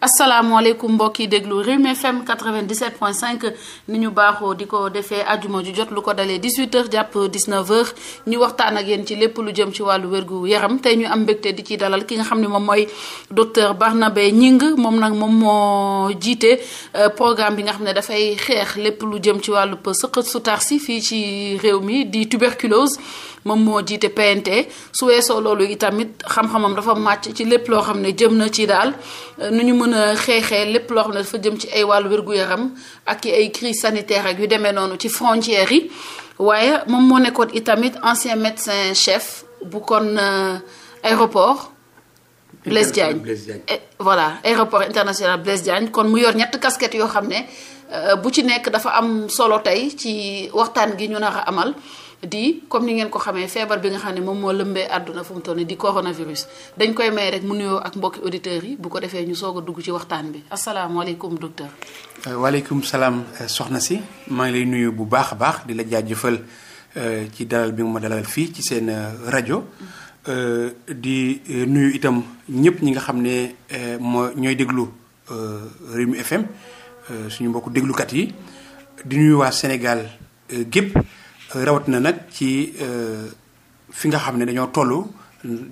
asalaamaaleykum mbokk yi déglu Rewmi FM 97.5 ni ñu baaxoo di ko defee ajuma ju jot lu ko dalee 18h jàpp 19h ñu waxtaan ak yéen ci lépp lu jëm ci wàllu wérgu yaram tey ñu am mbégte di ci dalal ki nga xam ne moom mooy docteur Barnabé Gningue moom nag moom moo jiite euh, programme bi nga xam ne dafay xeex lépp lu jëm ci wàllu sëqët su tar si fii ci réew mi di tuberculose. moom moo jiite PNT su weesoo loolu itamit xam-xamam dafa màcc ci lépp loo xam ne jëm na ci daal euh, nu ñu mën a xeexee lépp loo xam ne dafa jëm ci ay wàllu wér-gu-yaram ak ki ay crise sanitaire ak yu demee noonu ci frontières yi waaye moom moo nekkoon itamit ancien médecin chef bu kon euh, aéroport Blaise Diagne voilà aéroport international Blaise Diagne kon mu yor ñett casquette yoo xam ne euh, bu ci nekk dafa am solo tey ci waxtaan gi ñu nar a amal di comme ni ngeen ko xamee feebar bi nga xam ne moom moo lëmbee àdduna fu mu toll nii di coronavirus dañ koy may rek mu nuyoo ak mbokki auditeurs yi bu ko defee ñu soog dugg ci waxtaan bi asalaamaaleykum docteur. Euh, waaleykum salaam euh, soxna si maa ngi lay nuyu bu baax a baax di la jaajëfal euh, ci dalal bi nga ma dalal fii ci seen rajo. di nuyu itam ñëpp ñi nga xam ne moo ñooy déglu Rewmi FM suñu mbokku déglukat yi di nuyu waa Sénégal gépp rawat na nag ci euh, fi nga xam ne dañoo toll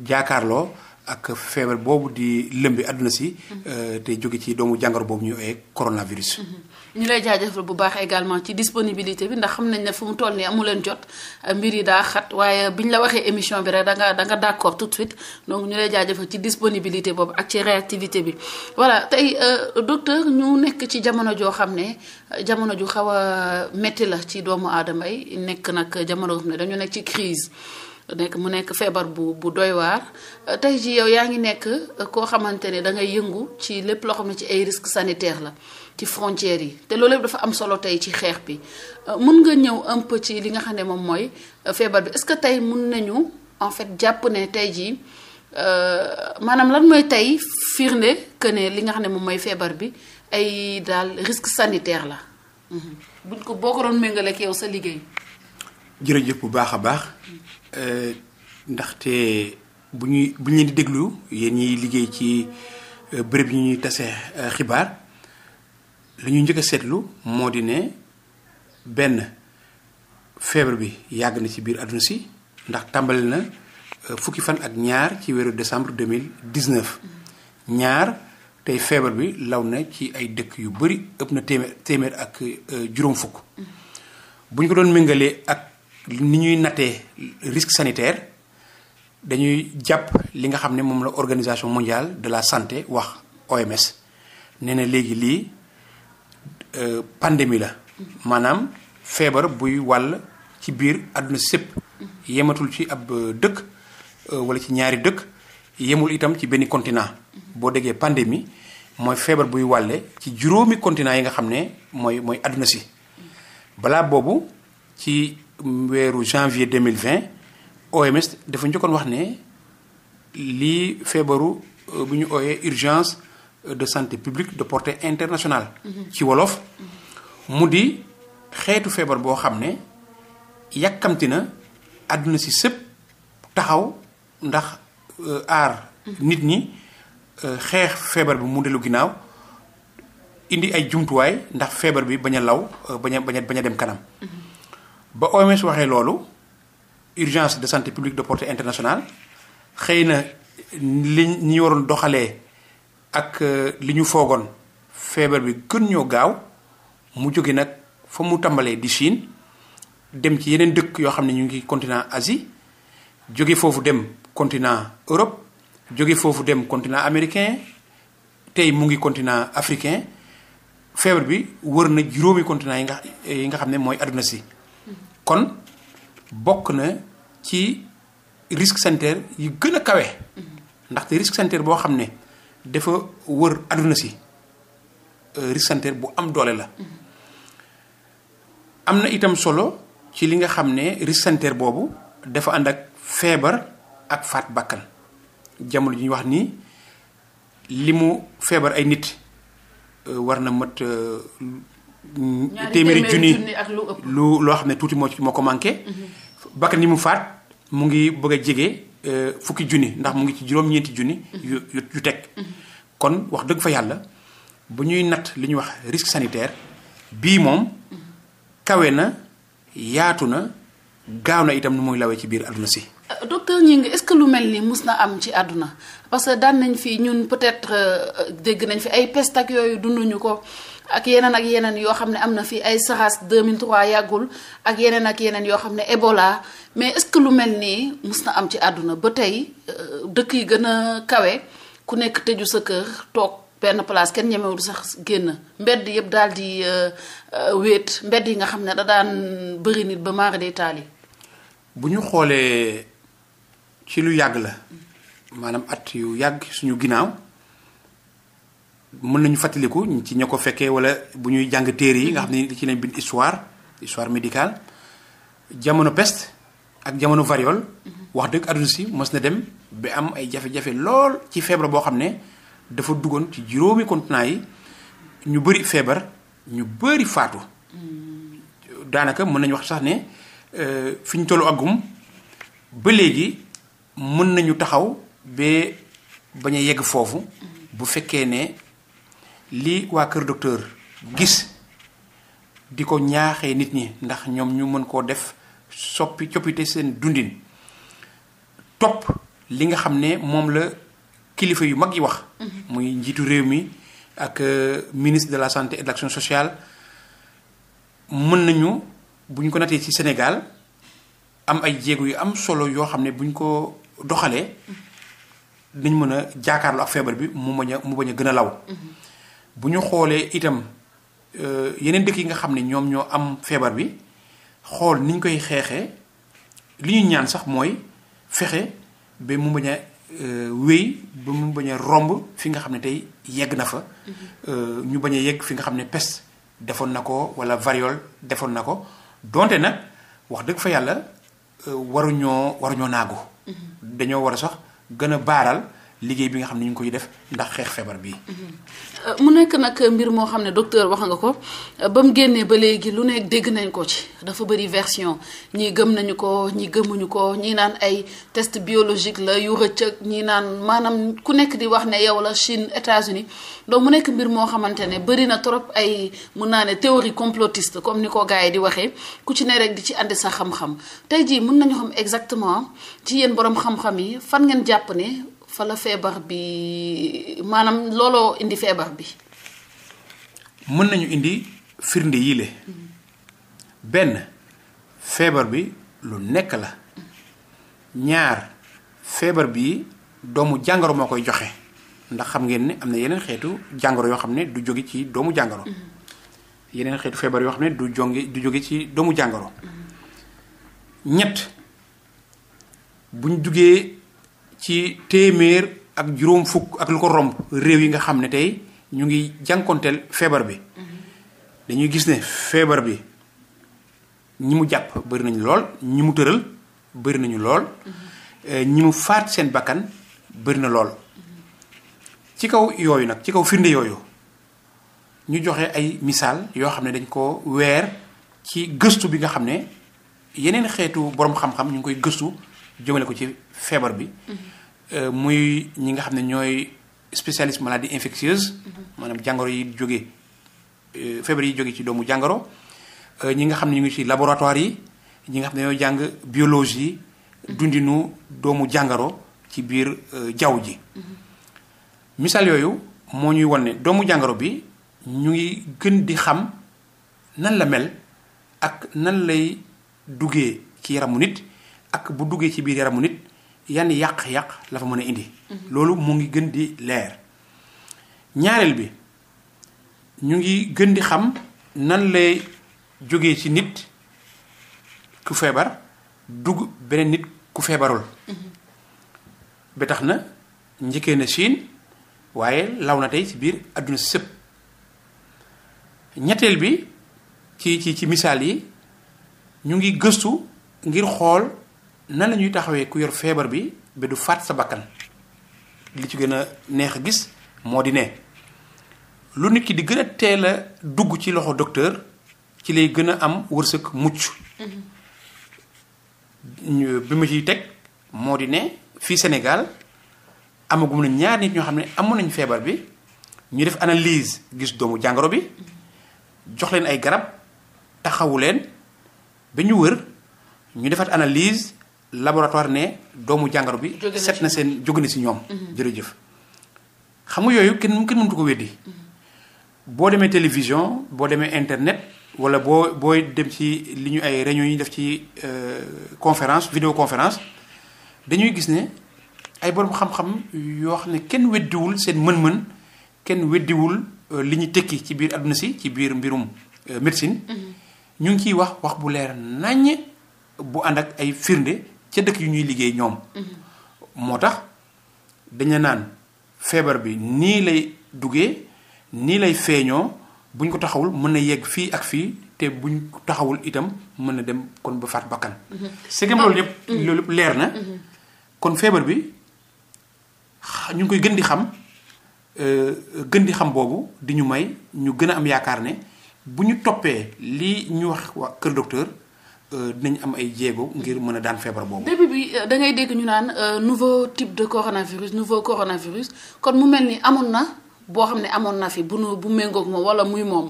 jaakaarloo ak feebar boobu di lëmbi àdduna si. Mm-hmm. Euh, te jóge ci doomu jàngoro boobu ñu ooyee coronavirus. Mm-hmm. ñu lay jaajëfal bu baax également ci disponibilité bi ndax xam nañ ne fu mu toll nii amu leen jot euh, mbir yi daa xat waaye bi ñu la waxee émission bi rek da nga da nga d'accord tout de suite donc ñu lay jaajafal ci disponibilité boobu ak ci réactivité bi. voilà tey euh, docteur ñu nekk ci jamono joo xam ne jamono ju xaw a métti la ci doomu aadama yi nekk nag jamono ne dañu nekk ci crise nekk mu nekk feebar bu bu doy waar euh, tey ji yow yaa ngi nekk euh, koo xamante ne da ngay yëngu ci lépp loo xam ne ci ay risques sanitaires la ci frontières yi te loolu yëpp dafa am solo tey ci xeex bi euh, mun nga ñëw un peu li nga xam ne moom mooy feebar bi est-ce que tey mun nañu en fait jàpp ne tey jii maanaam lan mooy tey firnde que li nga xam ne moom mooy feebar bi ay daal risque sanitaire la mm-hmm. buñ ko boo ko doon méngaleeg yow sa liggéey. jërëjëf bu baax a baax. Euh, ndaxte bu ñuy bu ñu leen di déglu yéen ñiy liggéey ci euh, bërëb yi ñuy tase euh, xibaar li ñu njëkk a seetlu moo di ne benn feebar bi yàgg na ci biir àdduna si ndax tàmbali na fukki fan ak ñaar ci weeru décembre 2019 ñaar tey feebar bi law na ci ay dëkk yu bëri ëpp na téeméer téeméer ak juróom fukk bu ñu ko doon méngalee ak ni ñuy nattee risque sanitaire dañuy jàpp li nga xam ne moom la organisation mondiale de la santé wax OMS nee na léegi lii euh, pandémie la maanaam feebar buy wàll ci biir adduna si sépp yematul ci ab euh, dëkk euh, wala ci ñaari dëkk yemul itam ci benn continent boo déggee pandémie mooy feebar buy wàlle ci juróomi continent yi nga xam ne mooy mooy àdduna si balaa boobu ci weeru janvier 2020 OMS dafa njëkkoon wax ne lii feebaru euh, bu ñu ooyee urgence euh, de santé publique de portée internationale mm-hmm. ci wolof mu di xeetu feebar boo xam ne yàkkamti na àdduna si sëpp taxaw ndax euh, aar mm-hmm. nit ñi xeex feebar bi mu dellu ginnaaw indi ay jumtuwaay ndax feebar bi bañ a law bañ a bañ dem kanam mm-hmm. ba OMS waxee loolu urgence de santé publique de porté internationale xëy na li ñi waroon doxalee ak euh, li ñu foogoon feebar bi gën ñoo gaaw mu jóge nag fa mu tàmbalee di Chine dem ci yeneen dëkk yoo xam ne ñu ngi continent Asie jóge foofu dem continent Europe jóge foofu dem continent américain tey mu ngi continent africain feebar bi wër na juróomi continent yi nga yi nga xam ne mooy àdduna si kon bokk na ci risque sanitaire yi gën a kawe ndaxte risque sanitaire boo xam ne dafa wër àdduna si euh, risque sanitaire bu am doole la. am na itam solo ci li nga xam ne risque sanitaire boobu dafa ànd ak feebar ak faat bakkan jamono ji ñu wax nii li mu feebar ay nit euh, war na mat. Euh, téeméeri junni ak lu ëpp lu loo xam ne tuuti moo moo ko manqué. Mhm. bakkan yi mu faat mu ngi bëgg a jege euh, fukki junni ndax mu ngi ci juróom-ñeenti junni. Mhm. yu yu teg. Mhm. kon wax dëgg fa yàlla bu ñuy natt li ñuy wax risque sanitaire bii moom kawe na yaatu na gaaw na itam nu muy lawee ci biir àdduna si. Euh, docteur Gningue est-ce que lu mel ni mus na am ci àdduna parce que daan nañ fii ñun peut-être euh, dégg nañ fi ay peste yooyu dunduñu ko. ak yeneen ak yeneen yoo xam ne am na fii ay SARS 2003 yàggul ak yeneen ak yeneen yoo xam ne Ebola mais est-ce que lu mel nii mus na am ci àdduna ba tey euh, dëkk yi gën a kawe ku nekk tëju sa kër toog benn place kenn ñemewul sax génn mbedd yëpp daal di euh, euh, wéet mbedd yi nga xam ne da daan bëri nit ba mara day taal yi bu ñu xoolee ci lu yàgg la maanaam at yu yàgg suñu ginnaaw mën nañu fàttaliku ci ña ko fekkee wala bu ñuy jàng téere yi nga xam ne ci lañ bind histoire histoire médicale jamono pest ak jamono variole mhm. wax dëgg àdduna si mës na dem bi am ay jafe-jafe lool ci feebar boo xam ne dafa duggoon ci juróomi continent yi ñu bëri feebar ñu bëri faatu mm. daanaka mën nañu wax sax ne euh, fi ñu tollu àggum ba léegi mën nañu taxaw ba bañ yegg foofu mm. bu fekkee ne lii waa Kër Docteur gis di ko ñaaxee nit ñi ndax ñoom ñu mën koo def soppi coppite seen dundin topp li nga xam ne moom la kilifa yu mag yi wax. Mhm. muy njiitu réew mi ak euh, ministre de la santé et de l'action sociale mën nañu bu ñu ko natee ci Sénégal am ay jéego yu am solo yoo xam ne bu ñu ko doxalee. Mhm. dañ mën a jaakaarlu ak feebar bi mu bañ a mu bañ a gën a law. Mhm. bu ñu xoolee itam euh, yeneen dëkk yi nga xam ne ñoom ñoo am feebar bi xool niñ koy xeexee li ñu ñaan sax mooy fexe ba mu bañ a euh, wéy ba mu bañ romb fi nga xam ne tey yegg na fa. Mm-hmm. Euh, ñu bañ a yegg fi nga xam ne peste defoon na ko wala variole defoon na ko donte nag wax dëgg fa yàlla waruñoo waruñoo naagu. Mm-hmm. dañoo war a sax gën a baaral. liggéey bi nga xam ne ñu ngi koy def ndax xeex feebar bi euh, mu nekk nag mbir moo xam ne docteur wax nga ko euh, ba mu génnee ba léegi lu nekk dégg nañ ko ci dafa bëri version ñii gëm nañu ko ñi gëmuñu ko ñii naan ay test biologique la yu rëccëg ñii naan maanaam ku nekk di wax ne yow la Chine États-Unis donc mu nekk mbir moo xamante ne bëri na trop ay mun naa ne théorie complotiste comme ni ko gars di waxee ku ci ne rek di ci ànd sa xam-xam tey jii mun nañu xam exactement ci yéen borom xam yi fan ngeen jàpp ne fa la feebar bi maanaam looloo indi feebar bi. mën nañu indi firnde yii le benn feebar bi lu nekk la ñaar feebar bi doomu jàngoro moo koy joxe ndax xam ngeen ne am na yeneen xeetu jàngoro yoo xam ne du jóge ci doomu jàngoro. yeneen xeetu feebar yoo xam ne du jonge du jóge ci doomu jàngoro. ci téeméer ak juróom fukk ak lu ko romb réew yi nga xam ne tey ñu ngi jànkonteel feebar bi dañuy gis ne feebar bi ñi mu jàpp bari nañu lool ñi mu tëral bari nañu lool eh, ñi mu faat seen bakkan bëri na lool ci kaw yooyu nag ci kaw firnde yooyu ñu joxe ay misaal yoo xam ne dañ ko weer ci gëstu bi nga xam ne yeneen xeetu boroom xam-xam ñu ngi koy gëstu jëmale ko ci feebar bi Euh, muy ñi nga xam ne ñooy spécialiste maladie infectieuse mm-hmm. maanaam jàngoro yi jóge euh, feebar yi jóge ci doomu jàngoro euh, ñi nga xam ne ñu ngi ci laboratoire yi ñi nga xam ne ñooy jàng biologie dundinu doomu jàngoro ci biir jaww ji mm-hmm. misaal yooyu moo ñuy wan ne doomu jàngoro bi ñu ngi gën di xam nan la mel ak nan lay duggee ci yaramu nit ak bu duggee ci biir yaramu nit yan yàq-yàq la fa mën a indi. loolu mu ngi gën di leer. ñaareel bi ñu ngi gën di xam nan lay jóge ci nit ku feebar dugg beneen nit ku feebarul. Mm-hmm. ba na njëkkee na Chine waaye law na tey ci biir àdduna si sëpp ñetteel bi ci ci ci misaal yi ñu ngi gëstu ngir xool. nan la ñuy taxawee ku yor feebar bi ba du faat sa bakkan li ci gën a neex a gis moo di ne lu nit ki di gën a teel a dugg ci loxo docteur ci lay gën a am wërsëg mucc. bi ma ciy teg moo di ne fii Sénégal amagum na ñaar nit ñoo xam ne amoon nañu feebar bi ñu def analyse gis doomu jàngoro bi jox leen ay garab taxawu leen ba ñu wër ñu defaat analyse. laboratoire ne doomu jàngoro bi. set na seen jóge na si ñoom. Mhm. jërëjëf xam nga yooyu kenn kenn mëntu ko weddi. Mhm. boo demee télévision boo demee internet wala boo booy dem ci li ñu ay réunions yi def ci euh, conférence vidéo conférence dañuy gis ne ay borom xam-xam yoo xam ne kenn weddiwul seen mën-mën kenn weddiwul euh, li ñu tekki ci biir àdduna si ci biir mbirum euh, médecine. Mhm. ñu ngi ciy wax wax bu leer naññ bu ànd ak ay firnde. ca dëkk yu ñuy liggéey ñoom. moo tax dañu naan feebar bi nii lay duggee nii lay feeñoo buñ ko taxawul mën na yegg fii ak fii te buñ ko taxawul itam mën na dem kon ba faat bakkan. Mm-hmm. c'est que loolu yëpp mm-hmm. loolu yëpp leer na. Mm-hmm. kon feebar bi ñu ngi koy gën di xam euh, gën di xam boobu di ñu may ñu gën a am yaakaar ne bu ñu toppee lii ñu wax waa Kër Docteur. Euh, dinañ am ay jéego ngir mën a daan feebar boobu. début bi euh, da ngay dégg ñu naan euh, nouveau type de coronavirus nouveau coronavirus kon mu mel ni amoon na boo xam ne amoon na fi bu nu bu méngoog moom wala muy moom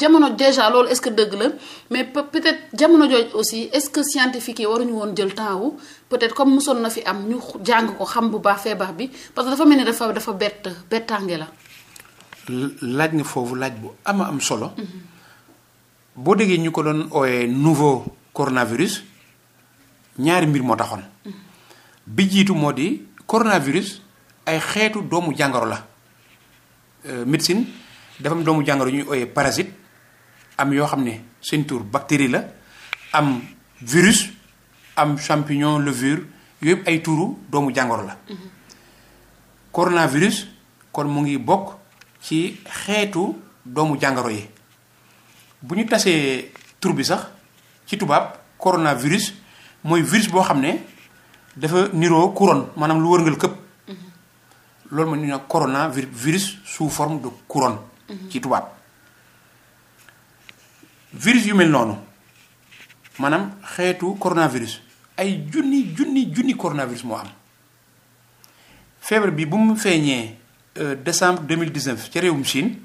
jamono déjà loolu est-ce que dëgg la mais peut-être jamono jooju aussi est-ce que scientifique yi waruñu woon jël temps wu peut comme mosoon na fi am ñu jàng ko xam bu baax feebar bi parce que dafa mel ni dafa dafa bett bettange la. laaj nga foofu laaj bu am am solo. Mm-hmm. boo déggee ñu ko doon ooyee nouveau coronavirus ñaari mbir moo taxoon bi jiitu moo di coronavirus ay xeetu doomu jàngoro la euh, médecine dafa doomu jàngoro ñuy ooyee parasite am yoo xam ne seen tur bactérie la am virus am champignon levure yooyu ay tuuru doomu jàngoro la mhm. coronavirus kon mu ngi bokk ci xeetu doomu jàngoro yi bu ñu tasee tur sax ci tubaab coronavirus mooy virus boo xam ne dafa niroo couronne maanaam lu wërngal këpp mhm. loolu mooy ñu ne coronavirus sous forme de couronne. Mhm. ci tubaab virus yu mel noonu maanaam xeetu coronavirus ay junni junni junni coronavirus moo am feebar bi bu mu feeñee euh, décembre 2019 ca réewum Chine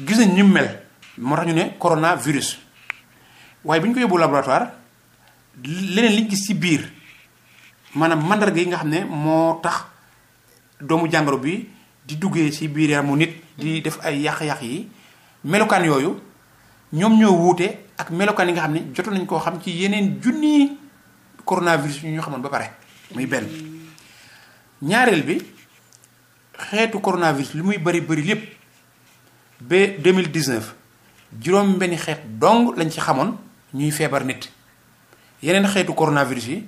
gis nañ ñu mel. moo tax ñu ne coronavirus waaye bi ñu ko yóbbu laboratoire leneen liñ gis ci biir maanaam màndarga yi nga xam ne moo tax doomu jàngoro bi di duggee ci biir yaramu nit di def ay yàq-yàq yi melokaan yooyu ñoom ñoo wuute ak melokaan yi nga xam ne jotoon nañ koo xam ci yeneen junni coronavirus yu ñu xamoon ba pare muy benn ñaareel bi xeetu coronavirus li muy bari bari lépp ba 2019 juróom benn xeet dong lañ ci xamoon ñuy feebar nit yeneen xeetu coronavirus yi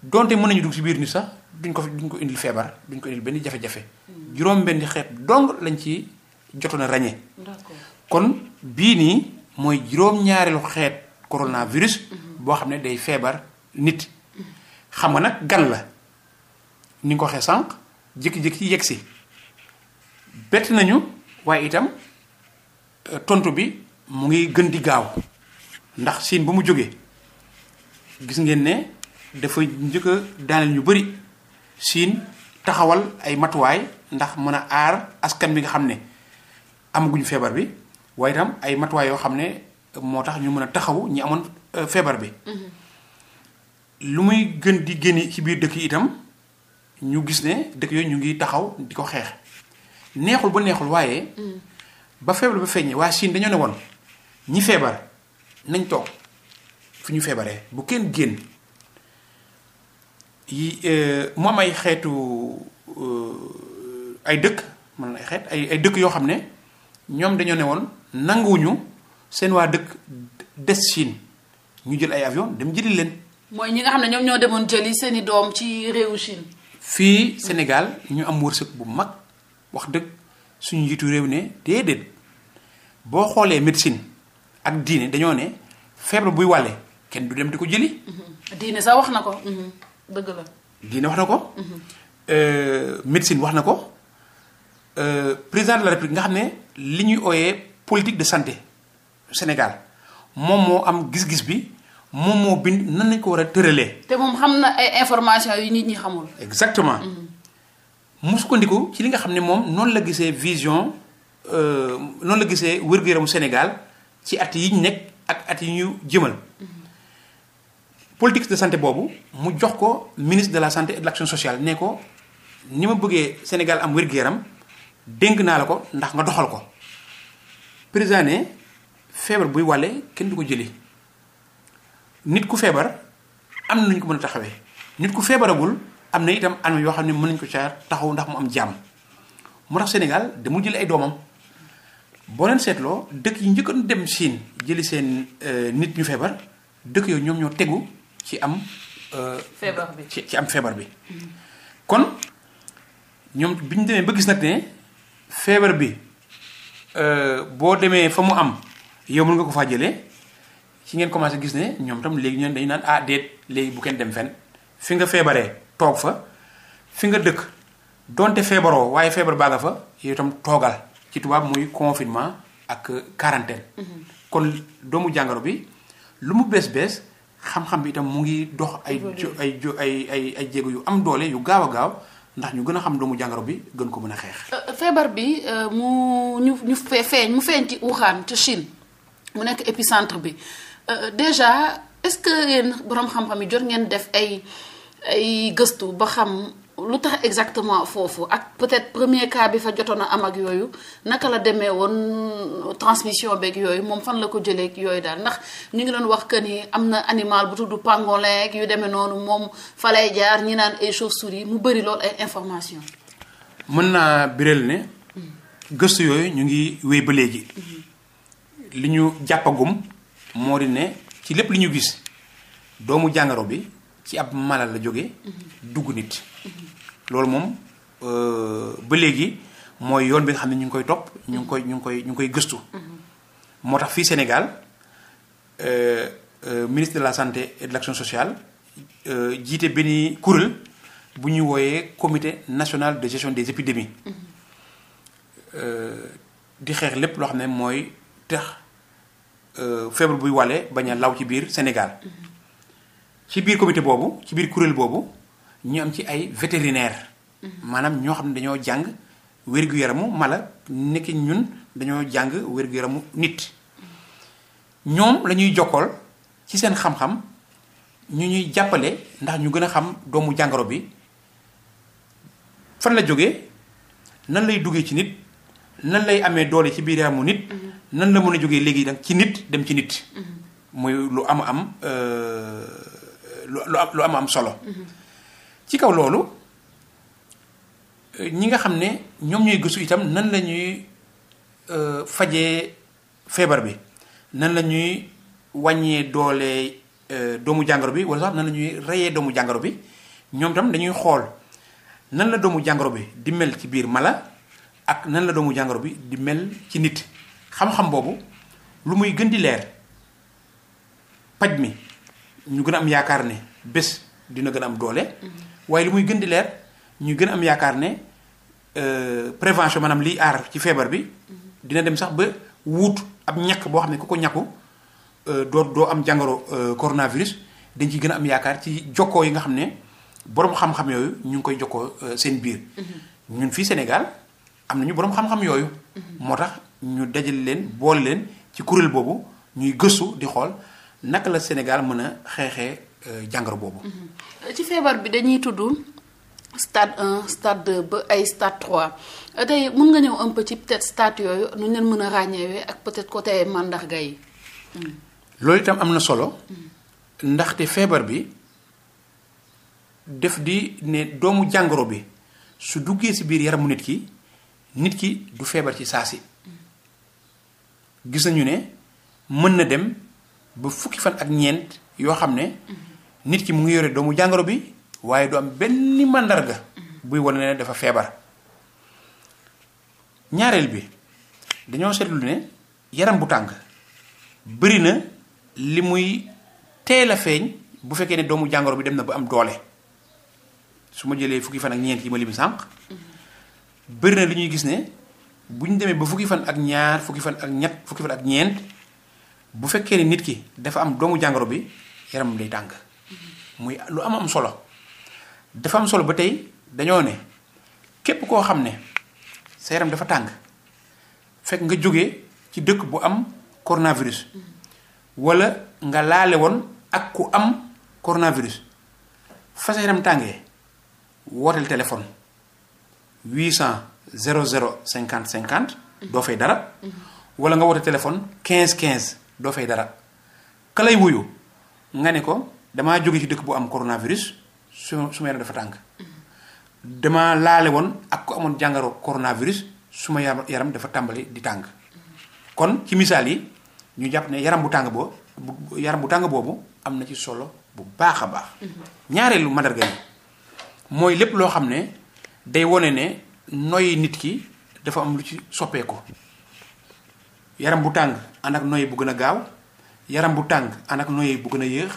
donte mën nañu dugg ci biir nit sax duñ ko duñ ko indil feebar duñ ko indil benn jafe-jafe mm. juróom benn xeet dong lañ ci jotoon a ràññee kon bii nii mooy juróom ñaareelu xeet coronavirus mm-hmm. boo xam ne day feebar nit xam nga nag gan la ni ko waxee sànq jékki-jékki yegg si bett nañu waaye itam tontu bi mu ngi gën di gaaw ndax siin bu mu jógee gis ngeen ne dafa njëkk a daaneel ñu bëri siin taxawal ay matuwaay ndax mën a aar askan bi nga xam ne amaguñ feebar bi waaye itam ay matuwaay yoo xam ne moo tax ñu mën a taxaw ñi amoon euh, feebar bi. Mm-hmm. lu muy gën di génne ci biir dëkk yi itam ñu gis ne dëkk yooyu ñu ngi taxaw di ko xeex neexul ba neexul waaye. Mm. ba feebar ba feeñee waa Chine dañoo ne woon ñi feebar nañ toog fi ñu feebaree bu kenn génn yi euh, mu am ay xeetu euh, ay dëkk man ay xeet ay ay dëkk yoo xam ne ñoom dañoo ne woon nanguwuñu seen waa dëkk des Chine ñu jël ay avion dem jëli leen. mooy ñi nga xam ne ñoom ñoo demoon jëli seeni doom ci réewu Chine. fii Sénégal ñu am wërsëg bu mag wax dëkk suñu njiitu réew ne déedéet boo xoolee médecine ak diine dañoo ne feebar buy wàlle kenn du dem di ko jëli. Mm-hmm. diine sax wax na ko. Mm-hmm. dëgg la. diine wax na ko. Mm-hmm. Euh, médecine wax na ko euh, président de la république nga xam ne li ñuy ooyee politique de santé Sénégal moom moo am gis-gis bi moom moo bind nan nañ ko war a tëralee. te moom xam na ay information yu nit ñi xamul. exactement. mu sukkandiku ci li nga xam ne moom noonu la gisee vision euh, noonu la gisee wér-gu-yaramu Sénégal ci at yi ñu nekk ak at yi ñu jëmal. politique de santé boobu mu jox ko ministre de la santé et de l'action sociale ne ko ni ma bëggee Sénégal am wér gu dénk naa la ko ndax nga doxal ko président ne feebar buy wàlle kenn du ko jëli nit ku feebar am na ñu ko mën a taxawee nit ku feebaragul. am na itam anam yoo xam ne mën nañ ko caar taxaw ndax mu am jàmm mu tax Sénégal damu jël ay doomam boo leen seetloo dëkk yi njëkkoon dem siin jëli seen euh, nit ñu feebar dëkk yooyu ñoom ñoo tegu ci am. Euh, feebar bi ci am feebar bi. kon ñoom bi demee ba gis nag ne feebar bi euh, boo demee fa mu am yow mën nga ko faa jëlee ci ngeen commencé gis ne ñoom tam léegi ñoom dañu naan ah déet léegi bu kenn dem fen fi nga feebaree. toog fa fi nga dëkk donte feebaroo waaye feebar baa nga fa yow itam toogal ci tubaab muy confinement ak quarantaine mhm. kon doomu jàngoro bi lu mu bees bees xam-xam bi itam mu ngi dox ay ay ay ay ay jéego yu am doole yu gaaw a gaaw ndax ñu gën a xam doomu jàngoro bi gën ko mën a xeex. Euh, euh, feebar bi euh, mu ñu ñu feeñ mu feeñ ci Wuhan ci Chine mu nekk épicentre bi déjà est-ce que yéen borom xam-xam yi jot ngeen def ay gëstu ba xam lu tax exactement foofu ak peut-être premier car bi fa jotoon a am ak yooyu naka la demee woon transmission beeg yooyu moom fan la ko jëlee yooyu daal ndax ñu ngi doon wax que nii am na animal bu tudd pangolin yu demee noonu moom fa lay jaar ñi naan ay chauve-souris mu bëri lool ay information mën naa biral ne gëstu yooyu ñu ngi wéy ba léegi li ñu jàppagum moo di ne ci lépp li ñu gis doomu jàngoro bi. ci ab mala la jóge dugg nit loolu moom euh, ba léegi mooy yoon bi xam ne ñu ngi koy topp ñu ngi koy ñu ngi koy ñu ngi koy gëstu moo tax fii Sénégal euh, euh, ministre de la santé et de l'action sociale jiite benn kuréel bu ñuy wooyee comité national de gestion des épidémies di xeex lépp loo xam ne mooy tax feebar buy wàlle bañ a law ci biir Sénégal ci biir comité boobu ci biir kuréel boobu ñu am ci ay vétérinaire mhm. maanaam ñoo xam ne dañoo jàng wér-gu-yaramu mala nekk ñun dañoo jàng wér-gu-yaramu nit ñoom lañuy ñuy jokkool ci seen xam-xam ñu ñuy jàppale ndax ñu gën a xam doomu jàngoro bi fan la jóge nan lay duggee ci nit nan lay amee doole ci biir yaramu nit mhm. nan la mën a jógee léegi nag ci nit dem ci nit mhm. muy lu am am euh, lu am am solo. ci kaw loolu euh, ñi nga xam ne ñoom ñooy gëstu itam nan lañuy ñuy euh, fajee feebar bi nan lañuy wàññee doole euh, doomu jàngoro bi wala sax nan la ñuy reyee doomu jàngoro bi ñoom itam dañuy xool nan la doomu jàngoro bi di mel ci biir mala ak nan la doomu jàngoro bi di mel ci nit xam-xam boobu lu muy gën di leer paj mi. ñu gën a am yaakaar ne bés dina gën a am doole. waaye li muy gën di leer ñu gën a am yaakaar ne euh, prévention maanaam liy aar ci feebar bi. dina dem sax ba wuut ab ñàkk boo xam ne ku ko ñàkku euh, doo doo am jàngoro euh, coronavirus dañ ci gën a am yaakaar ci jokkoo yi nga xam ne borom xam-xam yooyu ñu ngi koy jokkoo seen biir. ñun fii Sénégal am nañu borom xam-xam yooyu. moo tax ñu dajal leen bool leen ci kuréel boobu ñuy gëstu di xool. naka la Sénégal mën a xeexee euh, jàngoro boobu. Mm-hmm. ci feebar bi dañuy tudd stade 1 stade 2 ba ay stade 3 tey mun nga ñëw un peu ci peut-être stade yooyu nu ñu leen mën a ràññeewee ak peut-être côté mandarga yi. Mm-hmm. loolu itam am na solo. Mm-hmm. ndaxte feebar bi def di ne doomu jàngoro bi su duggee ci biir yaramu nit ki nit ki du feebar ci saa si. gis nañu ne mën na dem. ba fukki fan ak ñeent yoo xam ne nit ki mu ngi yore doomu jàngoro bi waaye du am benn màndarga buy wane ne dafa feebar ñaareel bi dañoo seetlu ne yaram bu tàng bëri na li muy teel a feeñ bu fekkee ne doomu jàngoro bi dem na ba am doole su ma jëlee fukki fan ak ñeent yi ma lim sànq bëri na li ñuy gis ne bu ñu demee ba fukki fan ak ñaar fukki fan ak ñett fukki fan ak ñeent bu fekkee nit ki dafa am doomu jàngoro bi yaram day tàng muy lu am am solo dafa am solo ba tey dañoo ne képp koo xam ne sa yaram dafa tàng fekk nga jógee ci dëkk bu am coronavirus wala nga laale woon ak ku am coronavirus fa sa yaram tàngee wooteel téléphone 800 00 cinquante 50 doo fay dara mm-hmm. wala nga woote téléphone 15 15 doo fay dara ka wuyu nga ne ko damaa jóge ci dëkk bu am coronavirus su su ma yaram dafa tàng dama laale woon ak ko amoon jàngaro coronavirus su ma yaram dafa tàmbali di tàng kon ci misaal yi ñu jàpp ne yaram bu tàng boo bu yaram bu tàng boobu am na ci solo bu baax a baax mm-hmm. ñaareelu mandarga yi mooy lépp loo xam ne day wone ne noyyi nit ki dafa am lu ci soppeeku yaram bu tàng ànd ak noyyi bu gën a gaaw yaram bu tàng ànd ak noyyi bu gën a yéex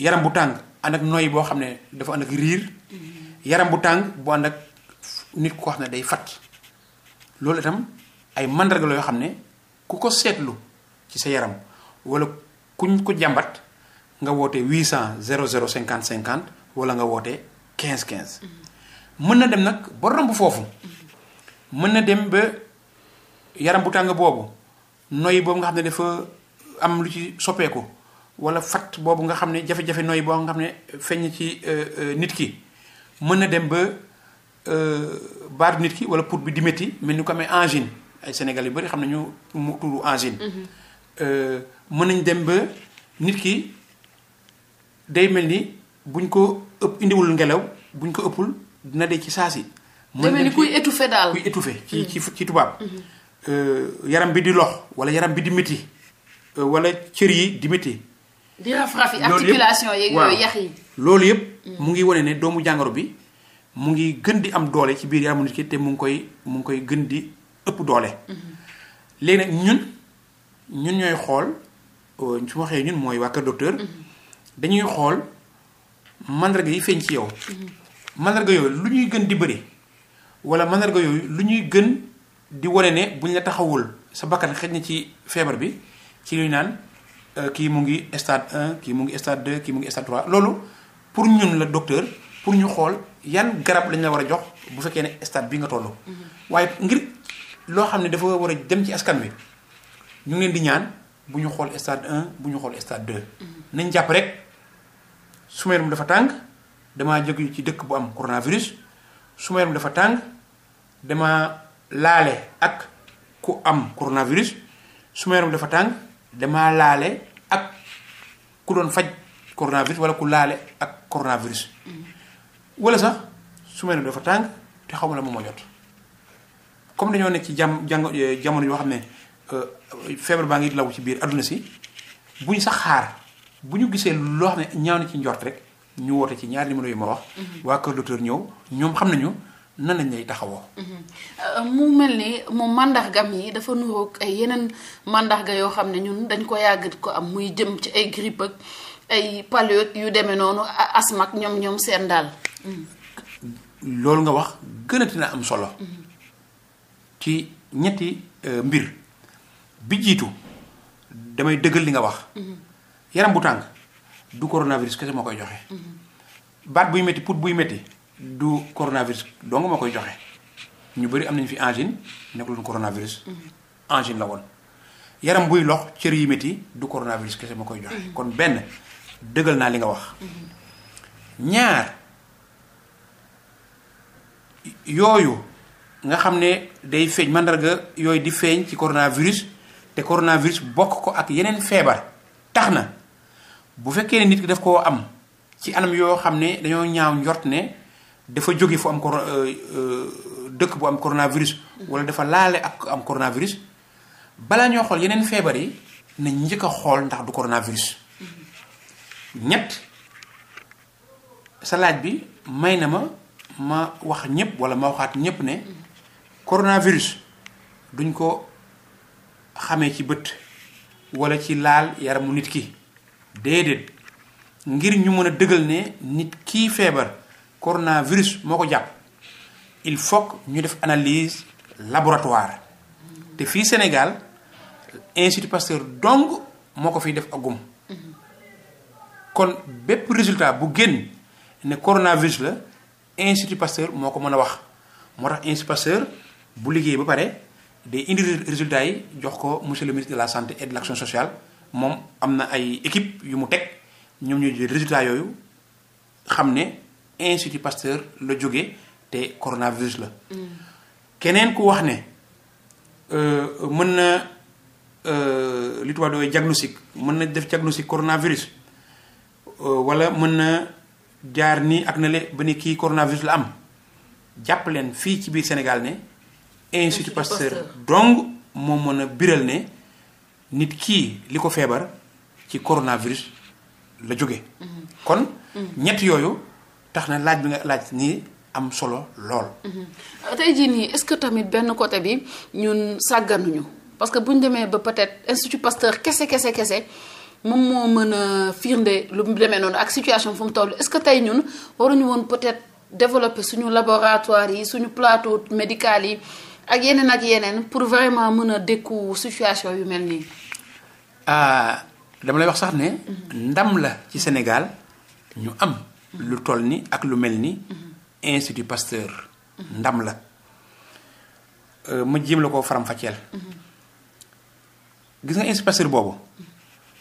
yaram bu tàng ànd ak noyyi boo xam ne dafa ànd ak riir mm-hmm. yaram bu tàng bu ànd ak nit koo xam ne day fat loolu itam ay mandarga la yoo xam ne ku ko seetlu ci sa yaram wala kuñ ko jàmbat nga woote 800 00 cinquante cinquante wala nga woote quinze quinze mm-hmm. mën na dem nag ba romb foofu mm-hmm. mën na dem ba yaram bu tàng boobu noy boobu nga xam ne dafa am lu ci soppeeku wala fat boobu nga xam ne jafe-jafe noy boo nga xam ne feeñ ci euh, euh, nit ki mën na dem ba euh, baar nit ki wala put bi di métti mel ni ko amee angine ay Sénégal yu bari xam nañu mu tudd angine. Mhm. mën nañ dem ba nit ki day mel ni buñ ko ëpp indiwul ngelaw buñ ko ëppul dina de ci saa si. mën nañ kuy étouffé daal kuy étouffé mhm. ci ci tubaab. Mhm. Euh, yaram bi di lox wala yaram bi di miti euh, wala cër yi di miti. di raf-raf yi articulation yeeg yooyu yax yi loolu yëpp mm. mu ngi wone ne doomu jàngoro bi mu ngi gën di am doole ci biir yaramu nit ki te mu ngi koy mu ngi koy gën di ëpp doole. Mm-hmm. léegi nag ñun ñun ñooy xool euh, su waxee ñun mooy waa kër mm-hmm. dañuy xool mandarga yi feeñ ci yow. Mm-hmm. mandarga yooyu lu ñuy gën di bëri wala mandarga yooyu lu ñuy gën. di wane ne bu buñ la taxawul sa bakkan xëj na ci feebar bi ci luy naan euh, kii mu ngi stade 1 kii mu ngi stade 2 kii mu ngi stade 3 loolu pour ñun la docteur pour ñu xool yan garab lañ la war a jox bu fekkee ne stade bi nga toll. Mm-hmm. waaye ngir loo xam ne dafa war a dem ci askan wi ñu ngi leen di ñaan bu ñu xool stade 1 bu ñu xool stade 2. Mm-hmm. nañ jàpp rek su ma yaram dafa tàng damaa jóge ci dëkk bu am coronavirus su ma dafa tàng damaa. laale ak ku am coronavirus suma yaram dafa tàng damaa laale ak ku doon faj coronavirus wala ku laale ak coronavirus wala sax suma yaram dafa tàng te xaw ma la moom moo jot comme dañoo nekk ci jam jàng eh, jamono yoo xam ne eh, feebar baa ngi law ci biir adduna si buñ sax xaar bu ñu gisee loo xam ne ñaaw na ci njort rek ñu woote ci ñaar numéro yu ma wax. Mm-hmm. waa Kër Docteur ñëw ñoom xam nañu. nan lañ lay taxawoo. Mm-hmm. Uh, mu mel ni moom mandargam yi dafa nurook ay yeneen mandarga yoo xam ne ñun dañ ko yàgg ko am muy jëm ci ay grippe ak ay palio yu demee noonu asma ak ñoom ñoom seen daal. Mm-hmm. loolu nga wax gënati na am solo. Mm-hmm. ci ñetti euh, mbir bi jiitu damay dëggal li nga wax. yaram bu tàng du coronavirus kese moo koy joxe. baat buy métti put buy métti. du coronavirus dong ma koy joxe ñu bëri am nañu fi angine nekkul coronavirus. Mhm. angine la woon yaram buy lox cër yi métti du coronavirus kese ma koy joxe. Mhm. kon benn dëggal naa li nga wax. Mhm. ñaar yooyu nga xam ne day feeñ mandarga yooyu di feeñ ci coronavirus te coronavirus bokk ko ak yeneen feebar tax na bu fekkee nit ki daf koo am ci anam yoo xam ne dañoo ñaaw njort ne. dafa jóge fu am euh, euh, dëkk bu am coronavirus. wala dafa laale ak am coronavirus balaa ñoo xool yeneen feebar yi nañ njëkk a xool ndax du coronavirus. ñett sa laaj bi may na ma ma wax ñëpp wala ma waxaat ñëpp ne coronavirus duñ ko xamee ci bët wala ci laal yaramu nit ki déedéet ngir ñu mën a dëggal ne nit kii feebar. coronavirus moo ko jàpp il faut que ñu def analyse laboratoire te fii Sénégal Institut Pasteur dong moo ko fiy def agum kon bépp résultat bu génn ne coronavirus la Institut Pasteur moo ko mën a wax moo tax Institut Pasteur bu liggéey ba pare day indi résultat yi jox ko monsieur le ministre de la santé et de l'action sociale moom am na ay équipe yu mu teg ñoom ñuy jël résultats yooyu xam ne institut Pasteur la jógee te coronavirus la. keneen ku wax ne euh, mën na euh, li tubaab dooy diagnostic mën na def diagnostic coronavirus euh, wala mën na jaar nii ak na le ba ni kii coronavirus la am jàpp leen fii ci biir Sénégal ne. institut Pasteur donc moo mën a biral ne nit kii li ko feebar ci coronavirus la jóge mm-hmm. kon mm-hmm. ñett yooyu. tax na laaj bi nga laaj nii am solo lool. Mhm. tey jii nii est-ce que tamit benn côté bi ñun sàgganuñu parce que bu ñu demee ba peut-être institut Pasteur kese kese kese mun moo mën a firnde lu mu demee noonu ak situation fu mu toll est-ce que tey ñun waruñu woon peut-être développer suñu laboratoire yi suñu plateau médical yi ak yeneen ak yeneen pour vraiment mën a dékku situation yu mel nii. Ah, dama lay wax sax ne. Mhm. ndam la ci Sénégal ñu am. lu toll ni ak lu mel ni. institut Pasteur. Mhm. ndam la euh, ma jéem la ko faram-fàcceel. Mhm. gis nga institut Pasteur boobu mhm.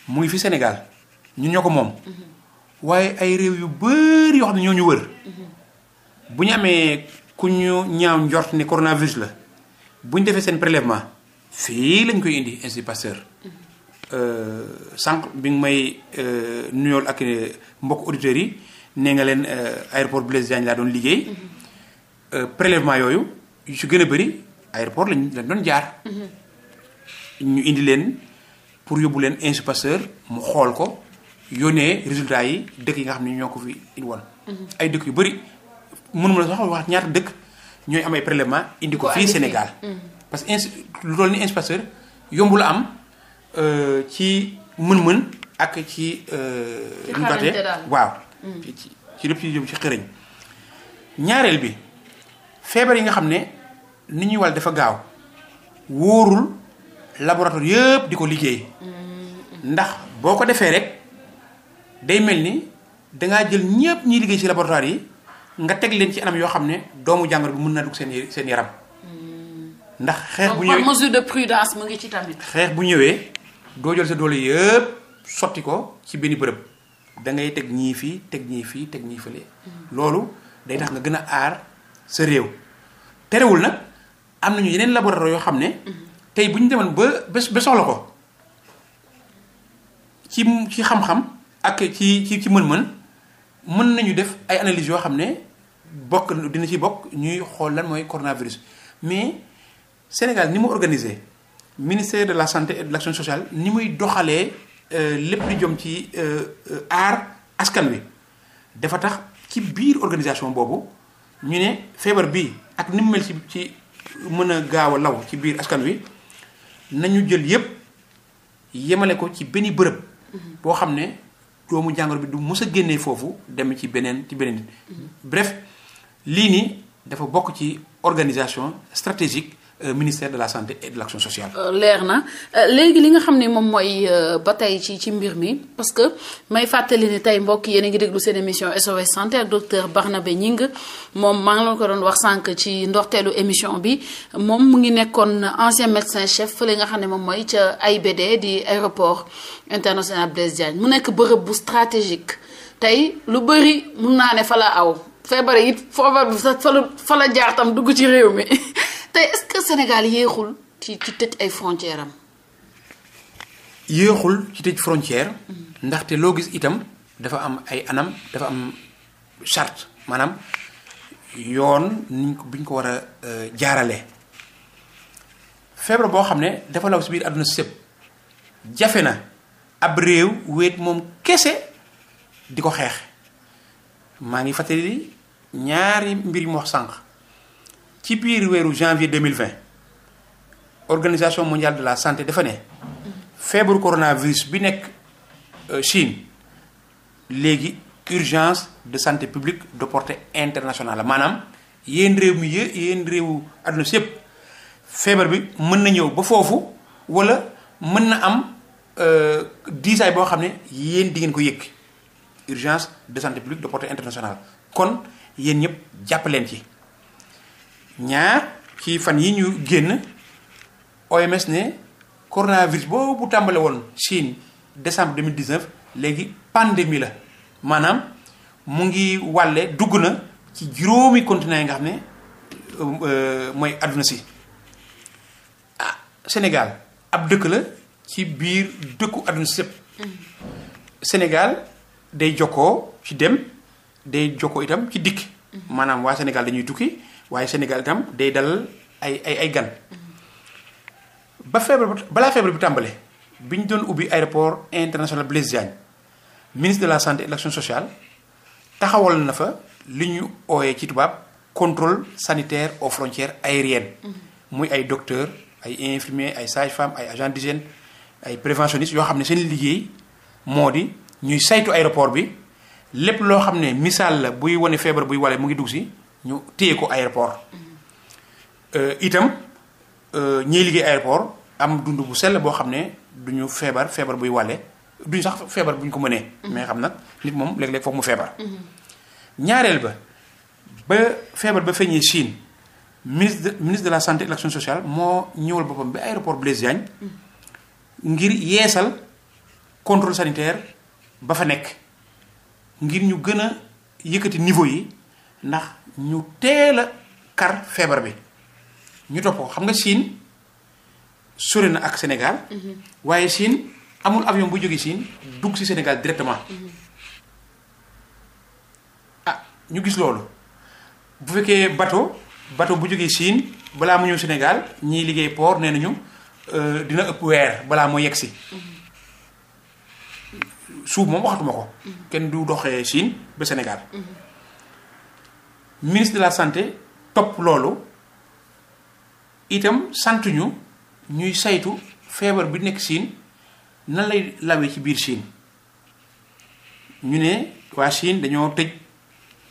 mu ngi fi Sénégal ñu ñoo ko moom. waaye ay réew yu bëri yoo xam ne ñoo ñu wër. bu ñu amee ku ñu ñaaw njort ni coronavirus la bu ñu defee seen prélèvement fii lañ koy indi institut Pasteur. Euh, sànq bi nga may euh, nuyool ak mbokk auditeurs yi. nee nga leen euh, aéroport Blaise Diagne laa doon liggéey mhm. euh, prélèvement yooyu yu si gën a bëri aéroport lañ lañ doon jaar mhm. ñu indi leen pour yóbbu leen Insu Pasteur mu xool ko yónnee résultat yi dëkk yi nga xam ne ñoo ko fi indi mhm. ay dëkk yu bëri mënuma la sax wax ñaata dëkk ñooy am ay indi ko fii Sénégal parce que ins lu toll ni am euh, ci mën-mën ak ci waaw Mm. ci lépp ci jëm ci xërëñ ñaareel bi feebar yi nga xam ne ni ñuy wal dafa gaaw wóorul laboratoire yëpp di ko liggéey mm. ndax boo ko defee rek day mel ni dangaa jël ñëpp ñuy liggéey ci laboratoire yi nga teg leen ci anam yoo xam ne doomu jàngoro bi mën na dugg seen seen yaram mm. ndax xeex bu ñëwee mesure de mu ngi ci tamit xeex bu ñëwee doo jël sa doole yëpp sotti ko ci benn bërëb da ngay teg ñii fii teg ñii fii teg ñii fële. loolu day tax nga gën a aar sa réew. terewul nag am nañu yeneen laboratoire yoo xam ne. tey bu ñu demoon ba ba soxla ko ci ci xam ak ci ci ci mën-mën mën nañu def ay analyses yoo xam ne bokk dina ci bokk ñuy xool lan mooy coronavirus mais Sénégal ni mu organisé ministère de la santé et de l'action sociale ni muy doxalee. Euh, lépp lu jëm ci euh, aar askan wi dafa tax ci biir organisation boobu ñu ne feebar bi ak ni mu mel ci ci mën a gaaw a law ci biir askan wi nañu jël yépp yemale ko ci benn bërëb mhm. boo xam ne doomu jàngoro bi du mës a génnee foofu dem ci beneen ci beneen mhm. bref lii nii dafa bokk ci organisation stratégique Euh, ministère de la santé et de l'action sociale. Euh, leer na euh, léegi li nga xam ne moom mooy ba tey ci ci mbir mi parce que may fàttali ni tey mbokk yéen a ngi déglu seen émission SOS santé ak docteur Barnabé Gningue moom maa ngi leen ko doon wax sànq ci ndorteelu émission bi moom mu ngi nekkoon ancien médecin chef fële nga xam ne moom mooy ca AIBD di aéroport international Blaise Diagne mu nekk bërëb bu stratégique tey lu bëri mun naa ne fa la aw feebar it foofa fa dugg ci réew mi. tey est-ce que Sénégal yéexul ci tëj ay frontières am. yéexul ci tëj frontière. ndaxte loo gis itam dafa am ay anam dafa am charte maanaam yoon niñ ko biñ ko war a euh, jaarale feebar boo xam ne dafa law si biir àdduna sëpp jafe na ab réew wéet moom kese di ko xeex maa ngi fàttali ñaari mbir yu mu wax sànq ci biir weeru janvier 2020 organisation mondiale de la santé dafa ne feebaru coronavirus bi nekk euh, Chine léegi urgence de santé publique de porté international maanaam yéen réew mi yë yéen réewu àdduna si yëpp feebar bi mën na ñëw ba foofu wala mën na am euh, diisaay boo xam ne yéen di ngeen ko yëkk urgence de santé publique de portée internationale kon yéen ñëpp jàpp ci. ñaar ci fan yi ñu génn OMS ne coronavirus boobu bu tàmbale woon Chine décembre 2019 léegi pandémie la maanaam mu ngi wàlle dugg na ci juróomi continent yi nga xam ne euh, mooy àdduna si ah, Sénégal ab dëkk la ci biir dëkku àdduna si yëpp mm-hmm. Sénégal day jokkoo ci dem day jokkoo itam ci dikk mm-hmm. maanaam waa Sénégal dañuy tukki waaye Sénégal itam day dalal ay ay ay gan. ba feebar balaa feebar bi tàmbale bi ñu doon ubbi aéroport international Blaise Diagne ministre de la santé et de l'action sociale taxawal na fa li ñu ooyee ci tubaab contrôle sanitaire aux frontières aériennes. Mm-hmm. muy ay docteurs ay infirmiers ay sage femmes ay agents d'hygiène ay préventionnistes yoo xam ne seen liggéey moo di ñuy saytu aéroport bi lépp loo xam ne misaal la buy wane feebar buy wale mu ngi dugg si. ñu téye ko aéroport euh, itam euh, ñiy liggéey aéroport am dund bu sell boo xam ne duñu feebar feebar buy wàlle duñu sax feebar bu ko mënee. Mhm. mais xam nag nit moom léeg-léeg foog mu feebar. Mhm. ñaareel ba ba feebar ba feeñee Chine ministre de ministre de la santé et de l'action sociale moo ñëwal boppam bi aéroport Blaise Diagne mhm. ngir yeesal contrôle sanitaire ba fa nekk ngir ñu gën a yëkkati niveau yi ndax. ñu teel kar feebar bi ñu topp ko xam nga siin sori na ak Sénégal mm-hmm. waaye Chine amul avion bu jógee Chine dugg ci Sénégal directement mm-hmm. ah ñu gis loolu bu fekkee bato bato bu jógee siin balaa mu ñëw Sénégal ñii liggéey port nee nañu euh, dina ëpp weer balaa moo yegg si mm-hmm. suuf moom waxatuma ko kenn du doxee Chine ba Sénégal. ministre de la santé topp loolu itam sant ñu ñuy saytu feebar bi nekk siin nan lay lawee ci biir Chine ñu ne waa Chine dañoo tëj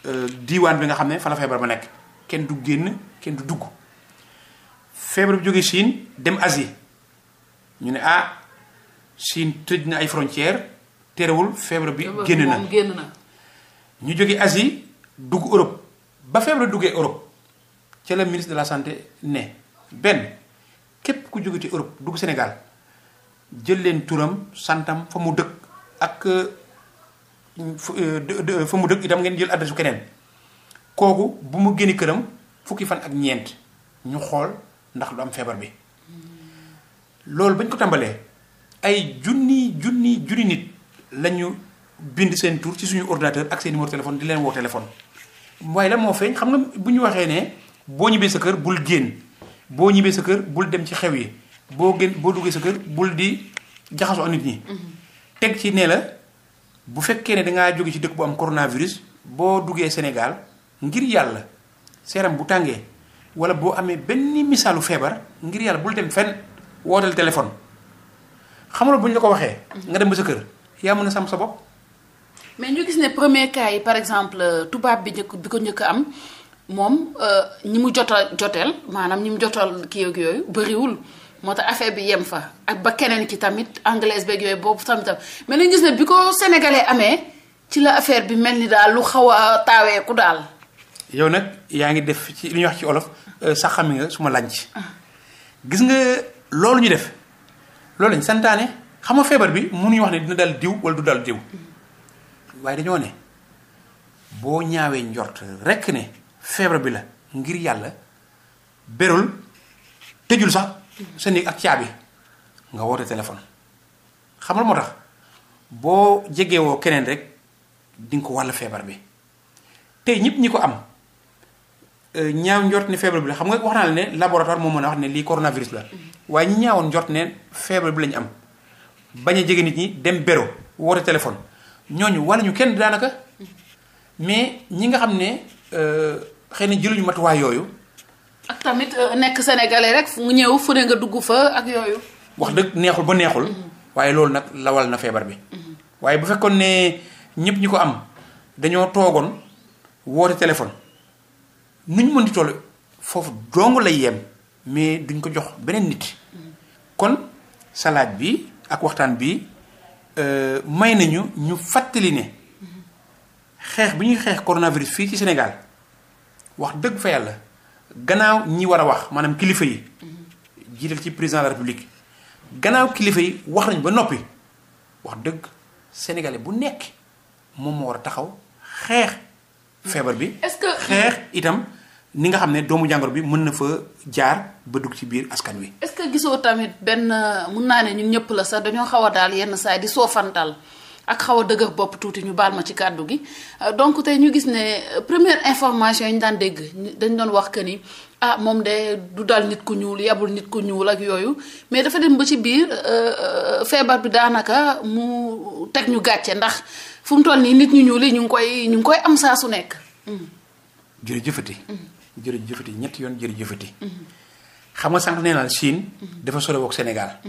euh, diwaan bi nga xam ne fa feebar ba nekk kenn du génn kenn du dugg feebar bi jógee Chine dem Asie ñu ne ah Chine tëj na ay frontières terewul feebar bi génn na ñu jóge Asie dugg Europe ba feebar duggee Europe ci la ministre de la santé ne benn képp ku jóge ci Europe dugg Sénégal jël leen turam santam fa mu dëkk ak euh, fa mu dëkk itam ngeen jël adresse keneen kooku bu mu génne këram fukki fan ak ñeent ñu xool ndax du am feebar bi loolu bañ ko tàmbalee ay junni junni junni nit lañu bind seen tur ci suñu ordinateur ak seen numéro téléphone di leen woo téléphone waaye la moo feeñ xam nga bu ñu waxee ne boo ñibbee sa kër bul génn boo ñibbee sa kër bul dem ci xew yi boo génn boo duggee sa kër bul di jaxasoo nit ñi. Mhm. teg ci ne la bu fekkee ne dangaa jóge ci dëkk bu am coronavirus boo duggee Sénégal ngir yàlla seeram bu tàngee wala boo amee benn misaalu feebar ngir yàlla bul dem fenn wootal téléphone xam nga bu ñu la ko waxee. Mhm. nga dem ba sa kër yaa mën a sàmm sa bopp. mais ñu gis ne premier cas yi par exemple tubaab bi njëkk bi ko njëkk am moom euh, ñi mu jot a joteel maanaam ñi mu jotal kii yooyu bëriwul moo tax affaire bi yem fa ak ba keneen ki tamit anglaise beeg yooyu boobu tamit tam mais nañu gis ne bi ko sénégalais amee ci la affaire bi mel ni daal lu xaw a taaweeku daal. yow nag yaa ngi def ci li ñuy wax ci olof euh, sax xam nga su ma laaj. gis nga loolu ñu def loolu lañ santaane xam nga feebar bi mu mënuñu wax ne dina dal diw wala du dal diw. waaye dañoo ne boo ñaawee njort rekk ne feebar bi la ngir yàlla berul tëjul sax sa néeg ak caabi nga woote téléphone xamal moo tax boo jegewoo keneen rek di ko wàll feebar bi tey ñëpp ñi ko am euh, ñaaw njort ne feebar bi la xam nga wax naa la ne laboratoire moo mën a wax ne lii coronavirus la mm-hmm. waaye ñi ñaawoon njort ne feebar bi lañu am bañ a jege nit ñi dem bero woote téléphone ñooñu wala ñu kenn daanaka mais ñi nga xam ne euh, xëy na jëluñu matuwaay yooyu. ak tamit euh, nekk sénégalais rek fu mu ñëw fu ne nga dugg fa ak yooyu. wax dëgg neexul ba neexul. Mhm. waaye loolu nag lawal na feebar bi. Mhm. waaye bu fekkoon ne ñëpp ñi ko am dañoo toogoon woote téléphone nu ñu mën di toll foofu dong lay yem mais duñ ko jox beneen nit. Mhm. kon salaat bi ak waxtaan bi Euh, may nañu ñu fàttali ne xeex bi ñuy xeex coronavirus fii ci Sénégal wax dëgg fa yàlla gannaaw ñi war a wax maanaam kilifa yi jiital ci président de la république gannaaw kilifa yi wax nañ ba noppi wax dëgg sénégalais bu nekk moom moo war a taxaw xeex feebar bi. est-ce que xeex itam. ni nga xam ne doomu jàngoro bi mën na fa jaar ba dugg ci biir askan wi. est-ce que gisoo tamit benn mun naa ne ñun ñëpp la sax dañoo xaw a daal yenn saa di soofantal ak xaw a dëgër bopp tuuti ñu baal ma ci kàddu gi euh, donc tey ñu gis ne euh, première information yi ñu daan dégg dañ doon wax que ni ah moom de du dal nit ku ñuul yabul nit ku ñuul ak yooyu mais dafa dem ba ci biir euh, feebar bi daanaka mu teg ñu gàcce ndax fu mu toll nii nit ñu ñuul yi ñu ngi koy ñu ngi koy am saa su nekk. Hmm. jërëjëfati. Hmm. jërëjëfati ñetti yoon jërëjëfati. xam nga sànq nee Chine. dafa sorewoo ak Sénégal.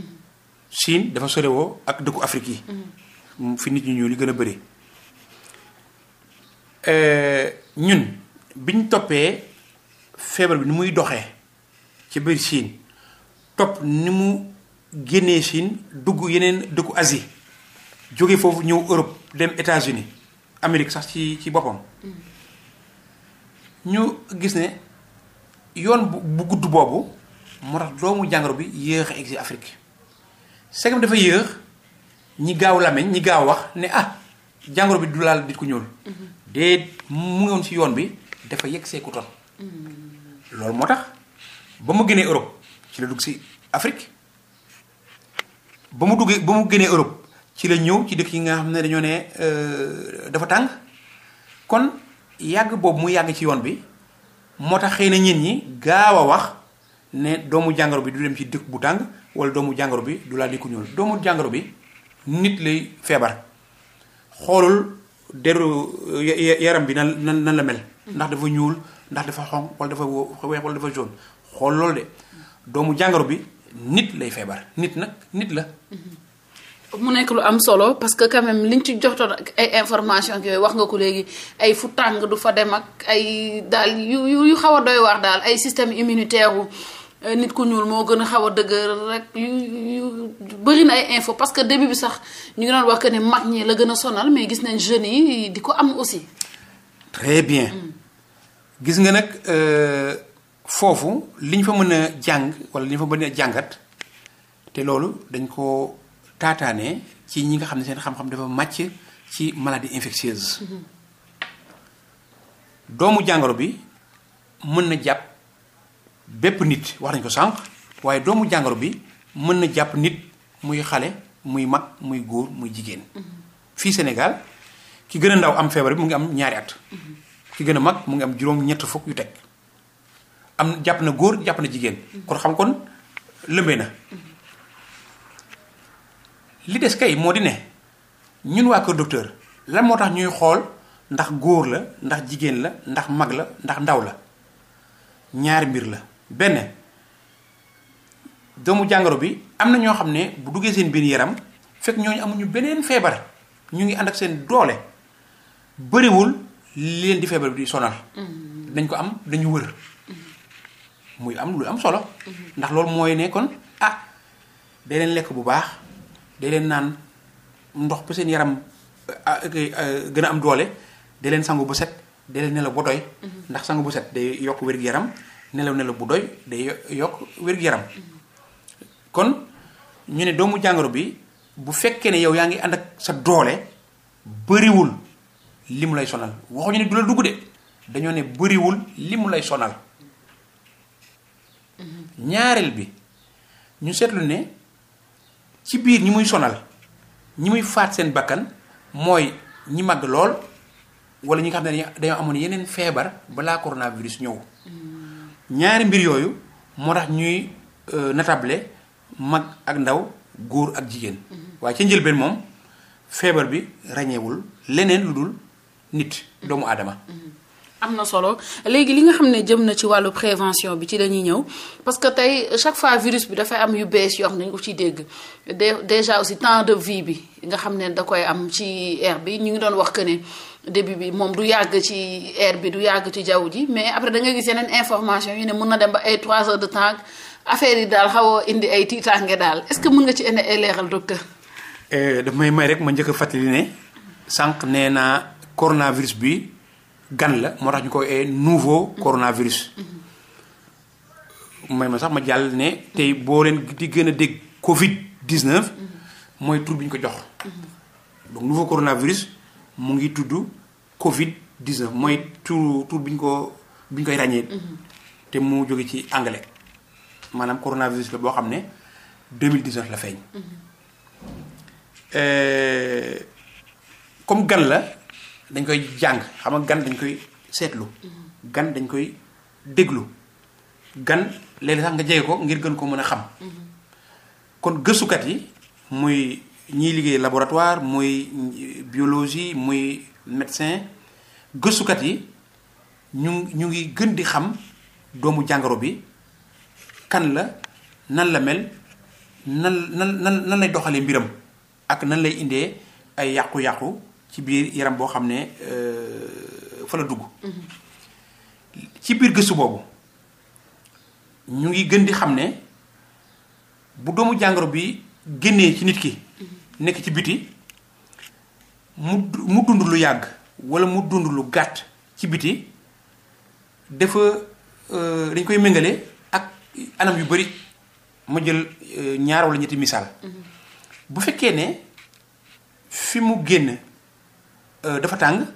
Chine dafa sorewoo ak dëkku Afrique yi. fi nit ñi ñëw li gën a bëri. Eh, ñun biñ toppee feebar bi ni muy doxee ci biir Chine topp ni mu génnee Chine dugg yeneen dëkku Asie jóge foofu ñëw Europe dem états uni amerique sax ci ci boppam. ñu gis ne yoon bu bu gudd boobu moo tax doomu jàngoro bi yéex a egg si Afrique segam dafay yéex ñi gaaw lameñ ñi gaaw wax ne ah jàngoro bi du laal nit ku ñuul dee mu ngi woon si yoon bi dafa yegg see coton loolu moo tax ba mu génnee Europe ci la dugg si Afrique ba mu duggee ba mu génnee Europe ci la ñëw ci dëkk yi nga xam ne dañoo ne euh, dafa tàng kon yàgg boobu mu yàgg ci yoon bi moo tax xëy na ñit ñi gaaw a wax ne doomu jàngoro bi du dem ci dëkk bu tàng wala doomu jàngoro bi du laal nit ku ñuul doomu jàngoro bi nit lay feebar xoolul deru yaram bi nan nan nan ndax dafa ñuul ndax dafa xonq wala dafa xool loolu de doomu jàngoro bi nit lay feebar nit nag nit la. Mhm. mu nekk lu am solo parce que quand même liñ ci joxtoon ak ay information yooyu wax nga ko léegi ay fu tàng du fa dem ak ay daal yu yu xaw a doy waar daal ay système immunitaire euh, nit ku ñuul moo gën a xaw a dëgër rek yu bëri na ay info parce que début bi sax ñu ngi wax que ne mag ñi la gën a sonal mais gis nañ jeunes yi di ko am aussi. très bien. Mm. gis nga nag euh, foofu li ñu fa mën a jàng wala li ñu fa mën a jàngat te loolu dañ ko taataane ci ñi nga xam ne seen xam-xam dafa màcc ci maladie infectieuse doomu jàngoro bi mën na jàpp bépp nit wax nañ ko sànq waaye doomu jàngoro bi mën na jàpp nit muy xale muy mag muy góor muy jigéen mm-hmm. fii Sénégal ki gën a ndaw am feebar bi mu ngi am ñaari at mm-hmm. ki gën a mag mu ngi am juróom ñett fukk yu teg am jàpp na góor jàpp na jigéen mm-hmm. kon xam kon lëmbee na li des kay moo di ne ñun waa Kër Docteur lan moo tax ñuy xool ndax góor la ndax jigéen la ndax mag la ndax ndaw la ñaari mbir la benn doomu jàngoro bi am na ñoo xam ne bu duggee seen biir yaram fekk ñooñu amuñu beneen feebar ñu ngi ànd ak seen doole bëriwul li leen di feebar bi di sonal. Mm-hmm. dañ ko am dañu wër. Mm-hmm. muy am lu am solo. Mm-hmm. ndax loolu mooy ne kon ah day leen lekk bu baax. day leen naan ndox bu seen yaram gën a am doole day leen sangu bu set day leen nelaw bu doy. Mm-hmm. ndax sangu bu set day yokk wér-gu-yaram nelaw nelaw bu doy day yokk wér-gu-yaram. Mm-hmm. kon ñu ne doomu jàngoro bi bu fekkee ne yow yaa ngi ànd ak sa doole bariwul li mu lay sonal waxuñu ne du la dugg de dañoo ne bëriwul li mu lay sonal. Mm-hmm. ñaareel bi ñu seetlu ne. ci biir ñi muy sonal ñi muy faat seen bakkan mooy ñi màgg lool walla ñi xam ne dañoo amoon yeneen feebar balaa coronavirus ñëw mm. ñaari mbir yooyu moo tax ñuy euh, natable mag ak ndaw góor ak jigéen mm-hmm. waaye ci njëlbeen moom feebar bi ràññeewul leneen lu dul nit doomu aadama mm-hmm. am na solo léegi li nga xam ne jëm na ci wàllu prévention bi ci dañuy ñëw parce que tey chaque fois virus bi dafay am yu bees yoo xam ne dañu ko ciy dégg déjà aussi temps de vie bi nga xam ne da koy am ci air bi ñu ngi doon wax que ne début bi moom du yàgg ci air bi du yàgg ci jaww ji mais après da nga gis yeneen information yi ne mën na dem ba ay 3 heures de temps affaire yi daal xaw a indi ay tiitaange daal est-ce que mën nga ci indi ay leeral docteur. Eh, daf may may rek ma njëkk a fàttali ne sànq nee naa coronavirus bi. gan la moo tax ñu koy ee nouveau coronavirus. may ma sax ma jàll ne tey boo leen di gën a dégg Covid 19. mooy tour bi ñu ko jox. donc nouveau coronavirus mu ngi tudd Covid 19 mooy tur tur bi ñu ko bi ñu koy ràññee. te mu jóge ci anglais maanaam coronavirus la boo xam ne 2019 la feeñ. Euh, comme gan la. dañ koy jàng xam nga gan dañ koy seetlu gan dañ koy déglu gan léegi sax nga jege ko ngir gën ko mën a xam kon gëstukat yi muy ñiy liggéey laboratoire muy biologie muy médecin gësukat yi ñu ñu ngi gën di xam doomu jàngoro bi kan la nan la mel nan nan nan nan lay doxalee mbiram ak nan lay indee ay yàqu-yàqu ci biir yaram boo xam ne euh, fa la dugg. ci biir gësu boobu ñu ngi gën di xam ne bu doomu jàngoro bi génnee ci nit ki. nekk ci biti mu mu dund lu yàgg walla mu dund lu gàtt ci biti dafa euh, dañ koy méngale ak anam yu bari ma jël euh, ñaar walla ñetti misaal. Mm-hmm. bu fekkee ne fi mu génn. Euh, dafa tàng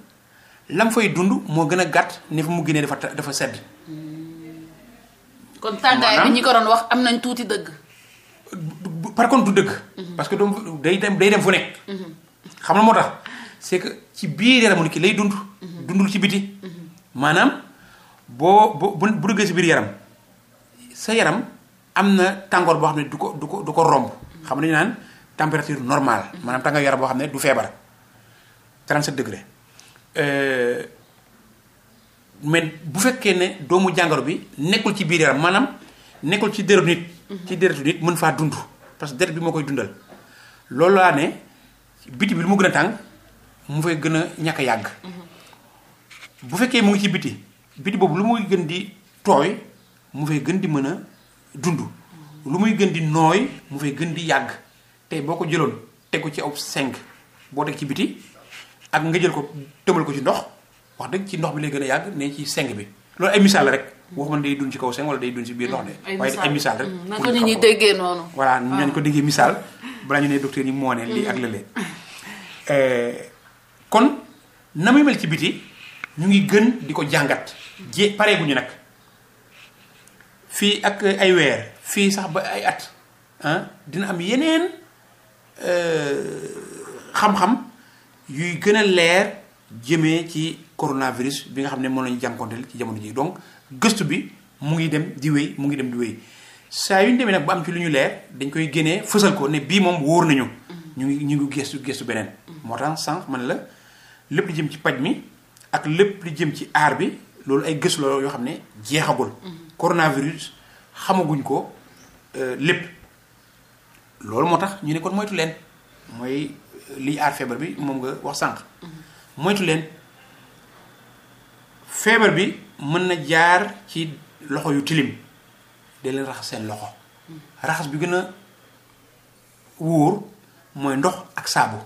lam fay dund moo gën a gàtt ni fa mu génnee dafa dafa sedd. kon tàngaay bi ñi ko doon wax am nañ tuuti dëgg. par contre du dëgg. Mhm. parce que doom day dem day dem fu nekk. Mhm. xam na moo tax c'est que ci biir yaramu lay dund. Mhm. dundul ci biti. maanaam boo boo bu duggee yaram sa yaram am na tàngoor boo xam ne du ko du ko du ko romb. xam nañu naan température normale. maanaam tàngaay yaram boo xam ne du feebar. 37 degré euh, mais bu fekkee ne doomu jàngoro bi nekkul ci biir yaram maanaam nekkul ci déretu nit. ci déretu nit mën faa dund parce que déret bi moo koy dundal loolu laa ne biti bi lu mu gën a tàng mu fay gën a ñàkk a yàgg. bu fekkee mu ngi ci biti biti boobu lu muy gën di tooy mu fay gën di mën a dund. lu muy gën di nooy mu fay gën di yàgg tey boo ko jëloon tegu ci aw seng boo teg ci biti. ak nga jël ko tëmal ko ci ndox wax dëgg ci ndox bi lay gën a yàgg ne ci seng bi loolu ay misaal rek waxuma day dund ci kaw seng wala day dund ci biir ndox de waaye ay misaal rek mm, naka nit ñi déggee noonu voilà ah. nañ ko déggee misaal balaa ñu ne docteur yi moo ne lii ak lële mm. euh, kon na muy mel ci biti ñu ngi gën di ko jàngat jé ñu nag fii ak ay weer fii sax ba ay at ah, dina am yeneen euh, xam-xam yuy gën a leer jëmee ci coronavirus bi nga xam ne moom la ñu jànkonteel ci jamono ji donc gëstu bi mu ngi dem di wéy mu ngi dem di wéy saa yu ñu demee nag bu am ci lu ñu leer dañ koy génnee fësal ko ne bii moom wóor nañu. Mm-hmm. ñu ngi ñu ngi gëstu gëstu beneen. moo tax sànq man la lépp lu jëm ci paj mi ak lépp lu jëm ci aar bi loolu ay gëstu la yoo xam ne jeexagul. Mm-hmm. coronavirus xamaguñ ko euh, lépp loolu moo tax ñu ne kon moytu leen mooy. liy aar feebar bi moom nga wax sànq. moytu leen feebar bi mën na jaar ci loxo yu tilim de leen raxas seen loxo. raxas bi gën a wóor mooy ndox ak saabu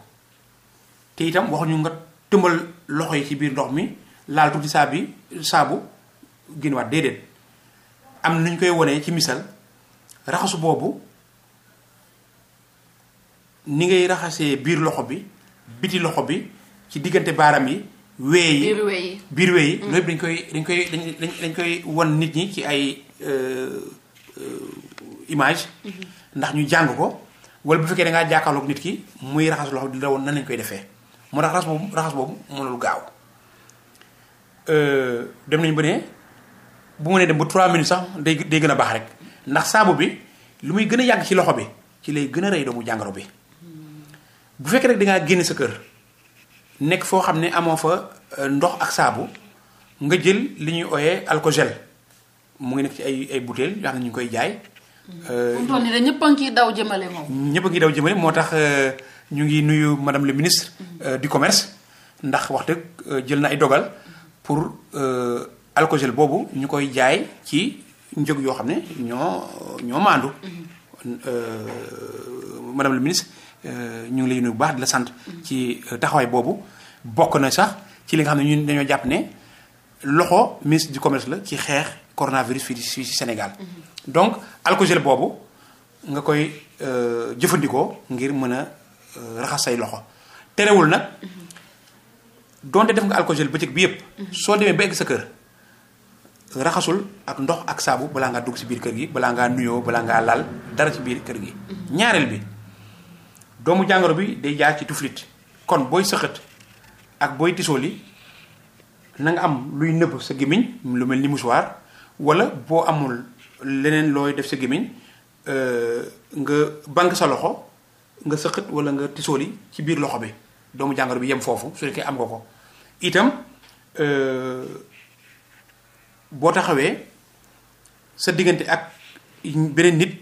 te itam waxuñu nga tëmbal loxo yi ci biir ndox mi laal tuuti saabu génn waat déedéet am na ñu koy wone ci misal raxasu boobu. ni ngay raxasee biir loxo bi biti loxo bi ci diggante baaram yi wee yi biir wee yi biir wee mm. dañ koy dañ koy dañ dañ koy won nit ñi ci ay euh, euh, image mm-hmm. ndax ñu jàng ko wala bu fekkee da ngaa nit ki muy raxas loxo di la woon nan lañ koy defee moo tax raxas boobu raxas boobu mënul gaaw euh, dem nañu ba ne bu mu nee dem ba 3 minutes sax day day gën a baax rek ndax saabu bi lu muy gën a yàgg ci loxo bi ci lay gën a rey doomu jàngoro bi bu fekkee rek da ngaa génne sa kër nekk foo xam ne amoo fa euh, ndox ak saabu nga jël li ñuy ooyee alcogel mu ngi nekk ci ay ay butéel yoo na ne ñu ngi koy jaay. bu euh, toll ñëpp a ngi daw jëmale moom. ñëpp ngi daw jëmale moo tax euh, ñu ngi nuyu madame le ministre. Mm-hmm. du commerce ndax wax dëgg jël na ay dogal pour alcogel boobu ñu koy jaay ci njëg yoo xam ne ñoo ñoo maandu. Mm-hmm. madame le ministre. Euh, ñu ngi lay nuyu bu baax di la sant. ci euh, taxawaay boobu bokk na sax ci li nga xam ne ñun dañoo jàpp ne loxo ministre du commerce la ci xeex coronavirus fii si Sénégal. Mm-hmm. donc alcogel boobu nga koy euh, jëfandikoo ngir mën a raxas say loxo terewul nag mm-hmm. donte def nga alcogel bëccëg bi yëpp. Mm-hmm. soo demee ba egg sa kër. raxasul ak ndox ak saabu balaa ngaa dugg ci biir kër gi balaa ngaa nuyoo balaa ngaa laal dara ci biir kër gi. ñaareel bi doomu jàngoro bi day jaar ci tuflit kon booy sëqat ak booy tisooli na nga am luy nëbb sa gémmiñ lu mel ni mouchoir wala boo amul leneen looy def sa gémmiñ euh, nga banque sa loxo nga sëqat wala nga tisooli ci biir loxo bi doomu jàngoro bi yem foofu su nekkee am nga ko itam euh, boo taxawee sa diggante ak beneen nit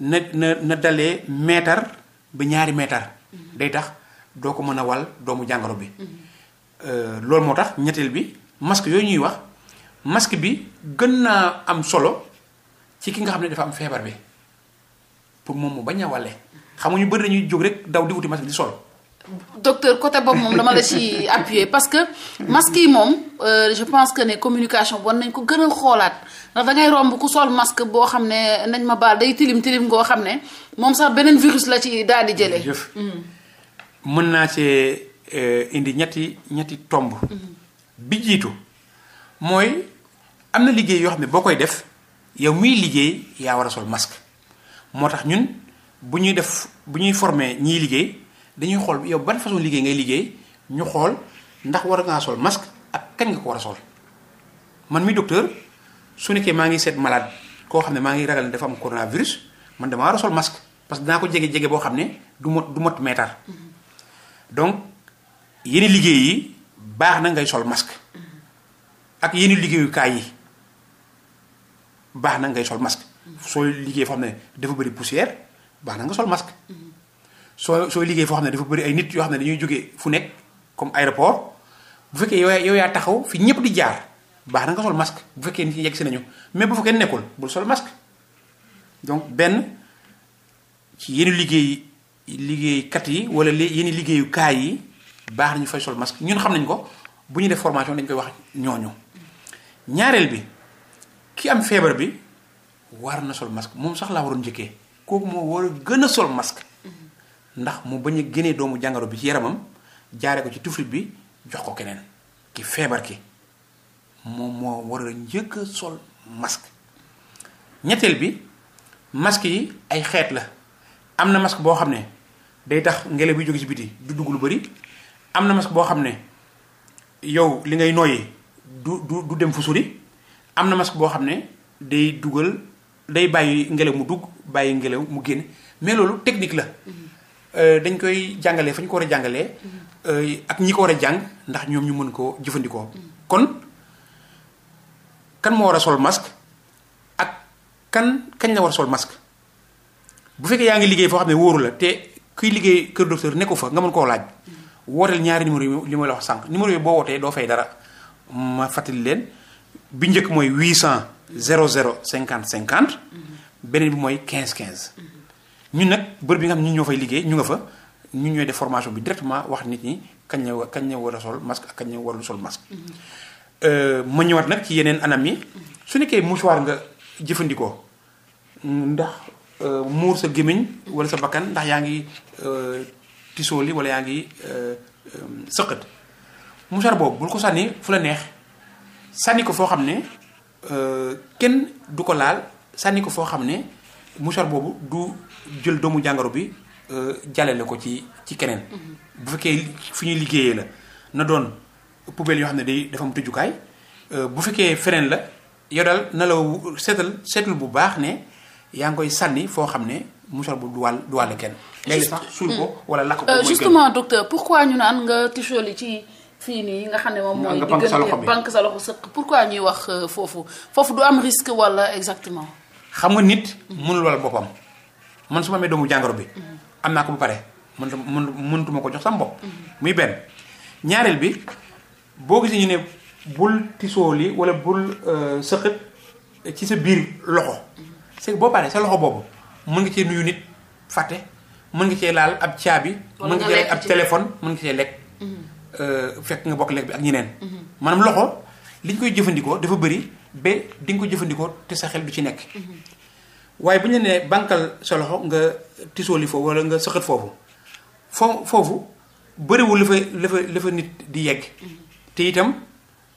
na na na dalee meetar ba ñaari meetar day tax doo ko mën a wal doomu jàngoro bi euh, loolu moo tax ñetteel bi masque yooyu ñuy wax masque bi gën naa am solo ci ki nga xam ne dafa am feebar bi pour moom mu bañ a wàlle xam nga ñu bëri dañuy jóg rek daw di wuti masque di sol docteur côté boobu moom dama la ci appuyer parce que masque yi moom euh, je pense que ne communication war nañ ko gën a xoolaat ndax da ngay romb ku sol masque boo xam ne nañ ma baal day tilim tilim ngoo xam ne moom sax beneen virus la ci daal di jëlee. jëf mm. mën naa cee euh, indi ñetti ñetti tomb. Mm-hmm. bi jiitu mooy am na liggéey yoo xam ne boo koy def yow muy liggéey yaa war a sol masque moo tax ñun bu ñuy def bu ñuy former ñiy liggéey. dañuy xool yow ban façon liggéey ngay liggéey ñu xool ndax war ngaa sol masque ak kañ nga ko war a sol man mi docteur su nekkee maa ngi seet malaad koo xam ne maa ngi ragal ne dafa am coronavirus man damaa war a sol masque parce que dinaa ko jege jege boo xam ne du mot du mot meetar donc yenn liggéey yi baax na ngay sol masque ak yenn liggéeyukaay yi baax na ngay sol masque. soo liggéey foo xam ne dafa bëri poussière baax na nga sol masque. soo sooy liggéey foo xam ne dafa bari ay nit yoo xam ne dañuy jógee fu nekk comme aéroport bu fekkee yow yow yaa taxaw fii ñëpp di jaar baax na nga sol masque bu fekkee nit ñi yegg si nañu mais bu fekkee nekkul bul sol masque donc benn ci yenn liggéey liggéeykat yi wala yenn liggéeyukaay yi baax na ñu fay sol masque ñun xam nañ ko bu ñu def formation dañ koy wax ñooñu ñaareel bi ki am feebar bi war na sol masque moom sax laa waroon njëkkee kooku moo war a gën sol masque ndax mu bañ a génnee doomu jàngoro bi ci yaramam jaare ko ci tuflit bi jox ko keneen ki feebar ki moom moo war a njëkk a sol masque ñetteel bi masque yi ay xeet la am na masque boo xam ne day tax ngelaw bi jóge ci biti du dugg lu bari am na masque boo xam ne yow li ngay nooyi du du dem fu sori am na masque boo xam ne day dugal day bàyyi ngelaw mu dugg bàyyi ngelaw mu génn mais loolu technique la mm-hmm. Euh, dañ koy jàngalee fa ñu ko war a jàngalee euh, ak ñi ko war a jàng ndax ñoom ñu mën koo jëfandikoo kon kan moo war a sol masque ak kan kañ la war a sol masque bu fekkee yaa ngi liggéey foo xam ne wóoru la te kuy liggéey kër docteur nekku fa nga mën koo laaj wooteel ñaari numéro yi li ma la wax sànq numéro yi boo wootee doo fay dara ma fàttali leen bi njëkk mooy cent zéro 00 cinquante cinquante beneen bi mooy quinze quinze ñun nag bër bi nga xam ne ñoo fay liggéey ñu nga fa ñu ñooy def formation bi directement wax nit ñi kañ la kañ la war a sol masque ak kañ la warul sol masque. Euh, ma ñëwaat nag ci yeneen anam mi su nekkee mouchoir nga jëfandikoo ndax euh, muur sa gémmiñ wala sa bakkan ndax yaa ngi euh, tisooli wala yaa ngi sëqat mouchoir boobu bul ko sànni fu la neex sànni ko foo xam ne kenn du ko laal sànni ko foo xam ne mouchoir boobu du. jul doomu jàngoro bi euh, jàllale ko ci ci keneen. Mhm. bu fekkee fi ñuy liggéeyee la na doon poubelle yoo xam ne day dafa am tëjukaay euh, bu fekkee feneen la yow daal na la seetal seetal bu baax ne yaa ngi koy sànni foo xam ne musal bu du wàll du wàll kenn. léegi sax suul ko mm. wala lakk ko. Euh, justement docteur pourquoi ñu naan nga tisooli ci. fii nii nga xam ne moom mooy bi banque sa loxo sëq pourquoi ñuy wax foofu foofu du am risque wala exactement. xam nga nit mënul boppam. man su ma amee doomu jàngoro bi am naa ko ba pare mën mën mëntuma ko jox sama bopp mhm. muy benn ñaareel bi boo gisee ñu ne bul tisoo li wala bul euh, sëqët ci sa biir loxo mhm. c'est que boo paree sa loxo boobu mën nga cee nuyu nit fàtte mën nga cee laal ab caabi mën nga cee ab téléphone mën nga cee lekk mhm. euh, fekk nga bokk lekk bi ak ñeneen maanaam loxo li ñu koy jëfandikoo dafa bëri ba di nga ko jëfandikoo te sa xel du ci nekk waaye bu ñu nee bànkal sa loxo nga tisooli foofu wala nga sëqat foofu foo foofu bëriwul la fa la fa la fa nit di yegg te itam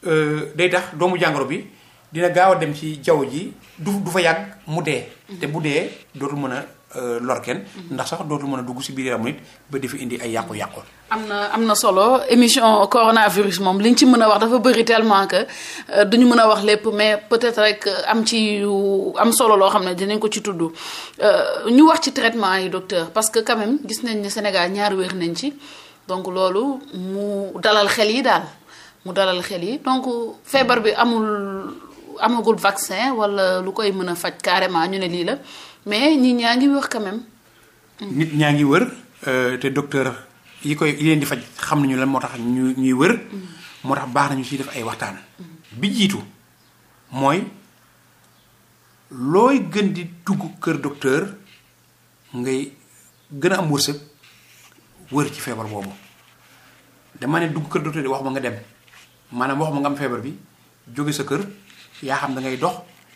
euh, day tax doomu jàngoro bi dina gaaw a dem ci jaww ji du du fa yàgg mu dee te bu dee dootul mën a euh, lor kenn mm-hmm. ndax sax dootul mën a dugg si biir yaram nit ba di fi indi ay yàqu-yàqu am na am na solo émission coronavirus moom liñ ci mën a wax dafa bëri tellement que euh, duñu mën a wax lépp mais peut-être rek euh, am ci am solo loo xam ne dinañ ko ci tudd euh, ñu wax ci traitement yi docteur parce que quand gis nañ ne Sénégal ñaar wér nañ ci donc loolu mu dalal xel yi daal mu dalal xel yi donc feebar bi amul amagul vaccin walla lu koy mën a faj carrément ñu ne lii la mais nit ñaa ngi wër quand nit ñaa ngi wër te docteur. yi koy yi di faj xam nañu lan moo tax ñu ñuy wër mm. moo tax baax nañu ci def ay waxtaan bi jiitu mooy looy gën di dugg kër docteur ngay gën a am wërsëg wër ci feebar boobu dama ne dugg kër docteur yi wax ma nga dem maanaam wax ma nga am feebar bi jóge sa kër yaa xam dangay dox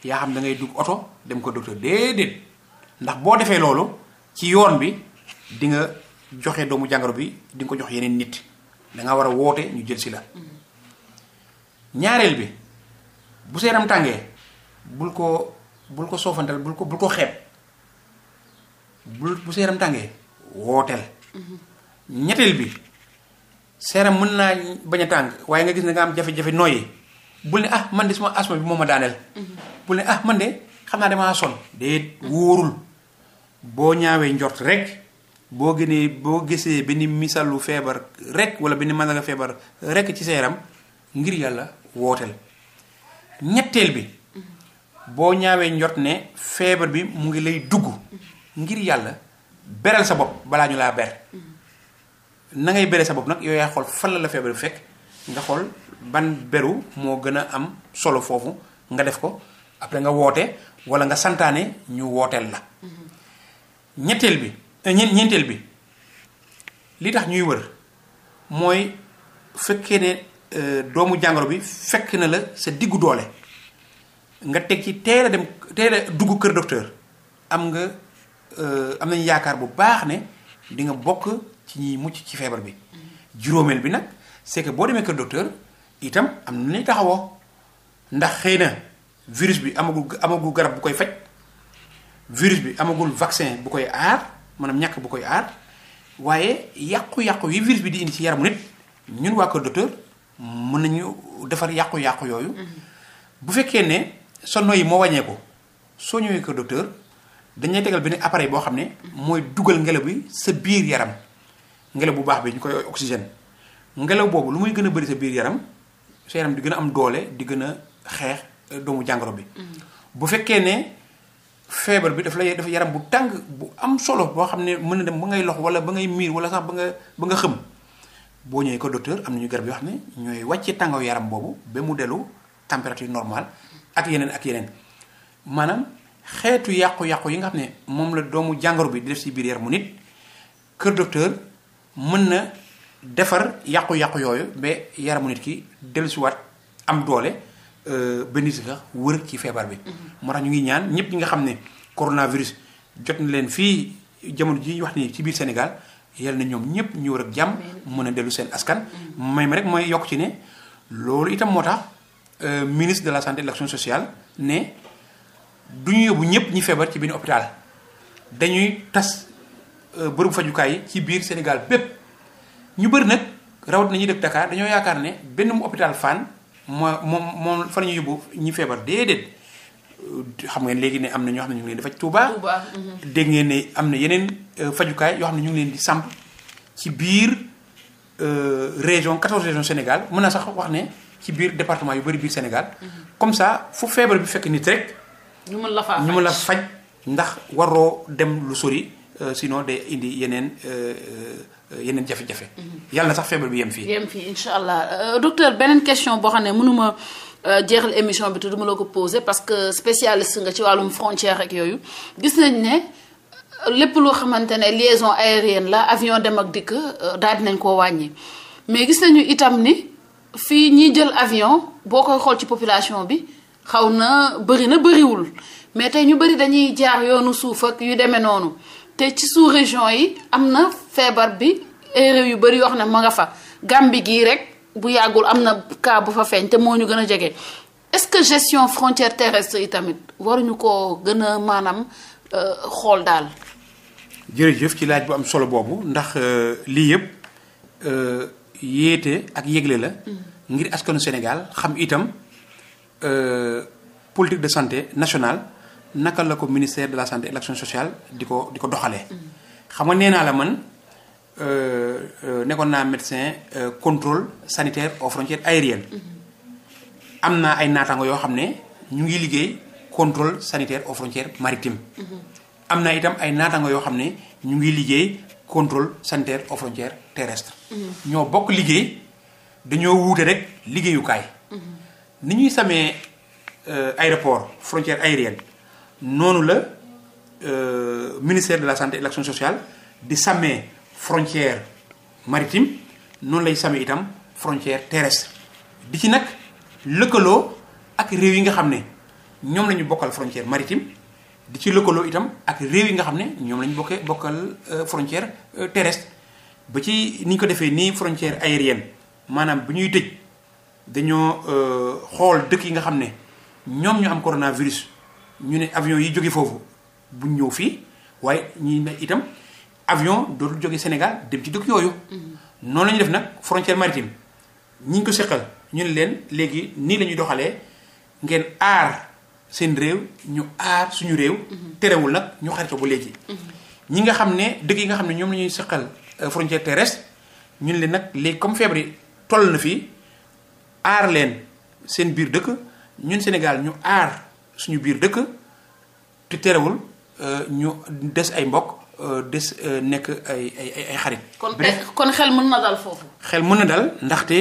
yaa xam da ngay dugg oto dem ko docteur déedéet ndax boo defee loolu ci yoon bi di joxe doomu jàngoro bi di ko jox yeneen nit danga war a woote ñu jël si la ñaareel bi bu sa yaram tàngee bul ko bul ko soofantal bul ko bul ko xeeb bul bu sa yaram tàngee wooteel ñetteel bi sa yaram mën naa bañ a tàng waaye nga gis ne nga am jafe-jafe nooyi bul ne ah man de suma asma bi moo ma daaneel bul ne ah man de xam naa damaa sonn déet wóorul boo ñaawee njort rek boo gënee boo gisee benn misalu feebar rek wala benn mën nga feebar rekk ci sa yaram ngir yàlla wooteel ñetteel bi boo ñaawee njot ne feebar bi mu ngi lay dugg ngir yàlla beral sa bopp balaa ñu laa ber na ngay bere sa bopp nag yow yaa xool fan la la feebar bi fekk nga xool ban beru moo gën a am solo foofu nga def ko après nga woote wala nga santaane ñu wooteel la ñetteel bi ñeent ñeenteel bi li tax ñuy wër mooy fekkee ne euh, doomu jàngoro bi fekk na la sa diggu doole nga teg ci teel dem teel a dugg kër docteur am nga euh, am nañu yaakaar bu baax ne di nga bokk ci ñiy mucc ci feebar bi juróomeel bi nag c'est que boo demee kër docteur itam am na ñuy taxawoo ndax xëy na virus bi amagul amagul garab bu koy faj virus bi amagul vaccin bu koy aar maanaam ñàkk bu koy aar waaye yàqu-yàqu yi virus bi di indi ci yaramu nit ñun waa Kër Docteur mën nañu defar yàqu-yàqu yooyu. Mm-hmm. bu fekkee ne sonno yi moo wàññeeku soo ñëwee Kër Docteur dañuy tegal benn appareil boo xam ne. Mm-hmm. mooy dugal ngelaw bi sa biir yaram ngelaw bu baax bi ñu koy oxygène ngelaw boobu lu muy gën a bëri sa biir yaram sa yaram di gën a am doole di gën a xeex doomu jàngoro bi mm-hmm. bu fekkee ne. feebar bi daf lay dafa yaram bu tàng bu am solo boo xam ne mën na dem ba ngay lox wala ba ngay miir wala sax ba nga ba nga xëm boo ñëwee ko docteur am na ñu garab yoo xam ne ñooy wàcce tàngaw yaram boobu ba mu dellu température normale ak yeneen ak yeneen maanaam xeetu yàqu-yàqu yi nga xam ne moom la doomu jàngoro bi di def si biir yaramu nit kër docteur mën na defar yàqu-yàqu yooyu ba yaramu nit ki dellu dellusiwaat am doole Euh, bénéfice la wër ci feebar bi. Mhm. moo tax ñu ngi ñaan ñëpp ñi nga xam ne coronavirus jot na leen fii jamono ji wax ni ci biir Sénégal yal na ñoom ñëpp ñu wër ak jàmm. mën a dellu seen askan. Mhm. may ma rek mooy yokk ci ne loolu itam moo tax euh, ministre de la santé et sociale ne du ñu yóbbu ñëpp ñi feebar ci benn hôpital dañuy tas euh, bërëbu fajukaay ci biir Sénégal bépp ñu bëri nag rawat nañu def Dakar dañoo yaakaar ne benn mu hôpital Fann. moo moom moom fa la yóbbu ñi feebar déedéet xam ngeen léegi ne am na ñoo xam ne ñu ngi leen di faj Touba mhm. dégg ngeen ne am na yeneen euh, fajukaay yoo xam ne ñu ngi leen di samp ci biir euh, région 14 régions Sénégal mën na sax wax ne ci biir département yu bëri biir Sénégal mhm. comme ça fu feebar bi fekk nit rek ñu mën la ñu mën la faj ndax waroo dem lu sori euh, sinon day indi yeneen Euh, yeneen jafe-jafe. yàlla sax feebar bi yem fii. yem fii incha allah euh, docteur beneen question boo xam ne mënuma euh, jeexal émission bi te duma la ko posé parce que spécialiste nga ci wàllum frontière rek yooyu gis nañ ne lépp loo xamante ne liaison aérienne la avion dem ak dikk daal nañ koo wàññi mais gis nañu itam ni fii ñi jël avion boo koy xool ci population bi xaw na bëri na bëriwul mais tey ñu bëri dañuy jaar yoonu suuf ak yu demee noonu. te ci sous région yi am na feebar bi réew yu bëri yoo na ne ma nga fa gàmbi gii rek bu yàggul am na cas bu fa feeñ te moo ñu gën a jege est-ce que gestion frontière terrestre yi tamit waruñu koo gën a maanaam euh, xool daal. jërëjëf ci laaj bu am solo boobu ndax euh, lii yëpp euh, yéete ak yégle la. Mm-hmm. ngir askanu Sénégal xam itam politique de santé nationale. naka la ko ministère de la santé et de sociale di ko di ko doxalee. xam nga nee naa la man euh, euh, nekkoon naa médecin euh, contrôle sanitaire aux frontières aériennes. am naa ay naataango yoo xam ne ñu ngi liggéey contrôle sanitaire aux frontières am na itam ay naataango yoo xam ne ñu ngi liggéey contrôle sanitaire aux frontières terrestres. ñoo bokk liggéey dañoo wuute rek liggéeyukaay. ni ñuy samee aéroport frontière aérienne. noonu la euh, ministère de la santé et sociale di sàmmee frontière maritime noonu lay sàmmee itam frontière terrestre di ci nag lëkkaloo ak réew yi nga xam ne ñoom la ñu bokkal frontière maritime di ci lëkkaloo itam ak réew yi nga xam ne ñoom la ñu bokkee bokkal euh, frontière euh, terrestre ba ci ni ko defee nii frontière aérienne maanaam bu ñuy tëj dañoo xool dëkk yi nga xam ne ñoom ñu am coronavirus ñu ne avion yi jóge foofu buñ ñëw fii waaye ñii ne itam avion dootul jóge Sénégal dem ci dëkk yooyu. Mm-hmm. noonu la def nag frontière maritime ñi ñu ko seqal ñu ne leen léegi nii la doxalee ngeen aar seen réew ñu aar suñu réew. Mm-hmm. terewul nag ñu xaritoo ba léegi. Mm-hmm. ñi nga xam ne dëkk yi nga xam ne ñoom lañuy ñuy seqal euh, frontière terrestre ñu ne leen nag léegi comme feebar yi toll na fii aar leen seen biir dëkk ñun Sénégal ñu aar. suñu biir dëkk te terewul euh, ñu des ay mbokk euh, des euh, nekk ay ay ay xarit. kon kon xel mën na dal foofu. xel mën na dal ndaxte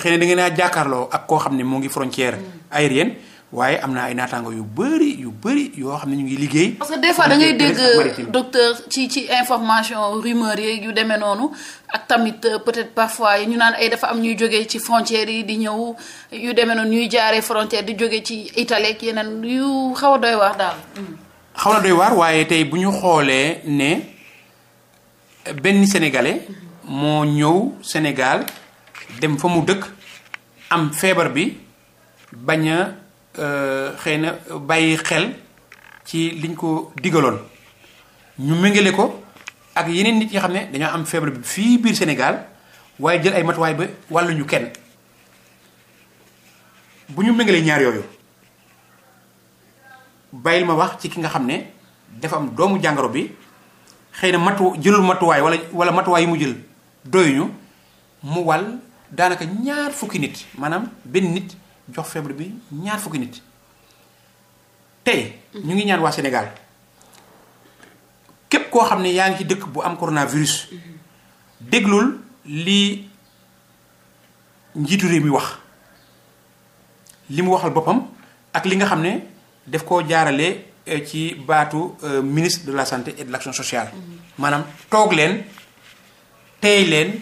xëy na da ngeen a jàkkaarloo ak koo xam ne moo ngi frontière mm. aérienne. waaye am na ay naataango yu bëri yu bëri yoo xam ne ñu ngi liggéey. parce que des fois da ngay dégg docteur ci ci information rumeur yeeg yu demee noonu ak tamit euh, peut-être parfois ñu naan ay dafa am ñuy jógee ci frontières yi di ñëw yu demee noonu ñuy jaaree frontière di jóge ci Italie yeneen yu xaw a doy waar daal. Mm. xaw na doy waar waaye tey bu ñu xoolee ne benn sénégalais moo ñëw Sénégal dem fa mu dëkk am feebar bi bañ Euh, xëy na bàyyi xel ci liñ ko digaloon ñu méngale ko ak yeneen nit yi xam ne dañoo am feebar bi fii biir Sénégal waaye jël ay matuwaay ba ñu kenn bu ñu méngalee ñaar yooyu bàyyil ma wax ci ki nga xam ne dafa am doomu jàngoro bi xëy na matu jëlul matuwaay wala wala matuwaay yi mu jël doyuñu mu wàll daanaka ñaar fukki nit maanaam benn nit jox feebar bi ñaar fukki nit tey ñu ngi ñaan waa Sénégal képp koo xam ne yaa ngi ci dëkk bu am coronavirus déglul li njiitu réew mi wax li mu waxal boppam ak li nga xam ne def koo jaarale eh, ci baatu eh, ministre de la santé et de l'action sociale mm-hmm. maanaam toog leen tey leen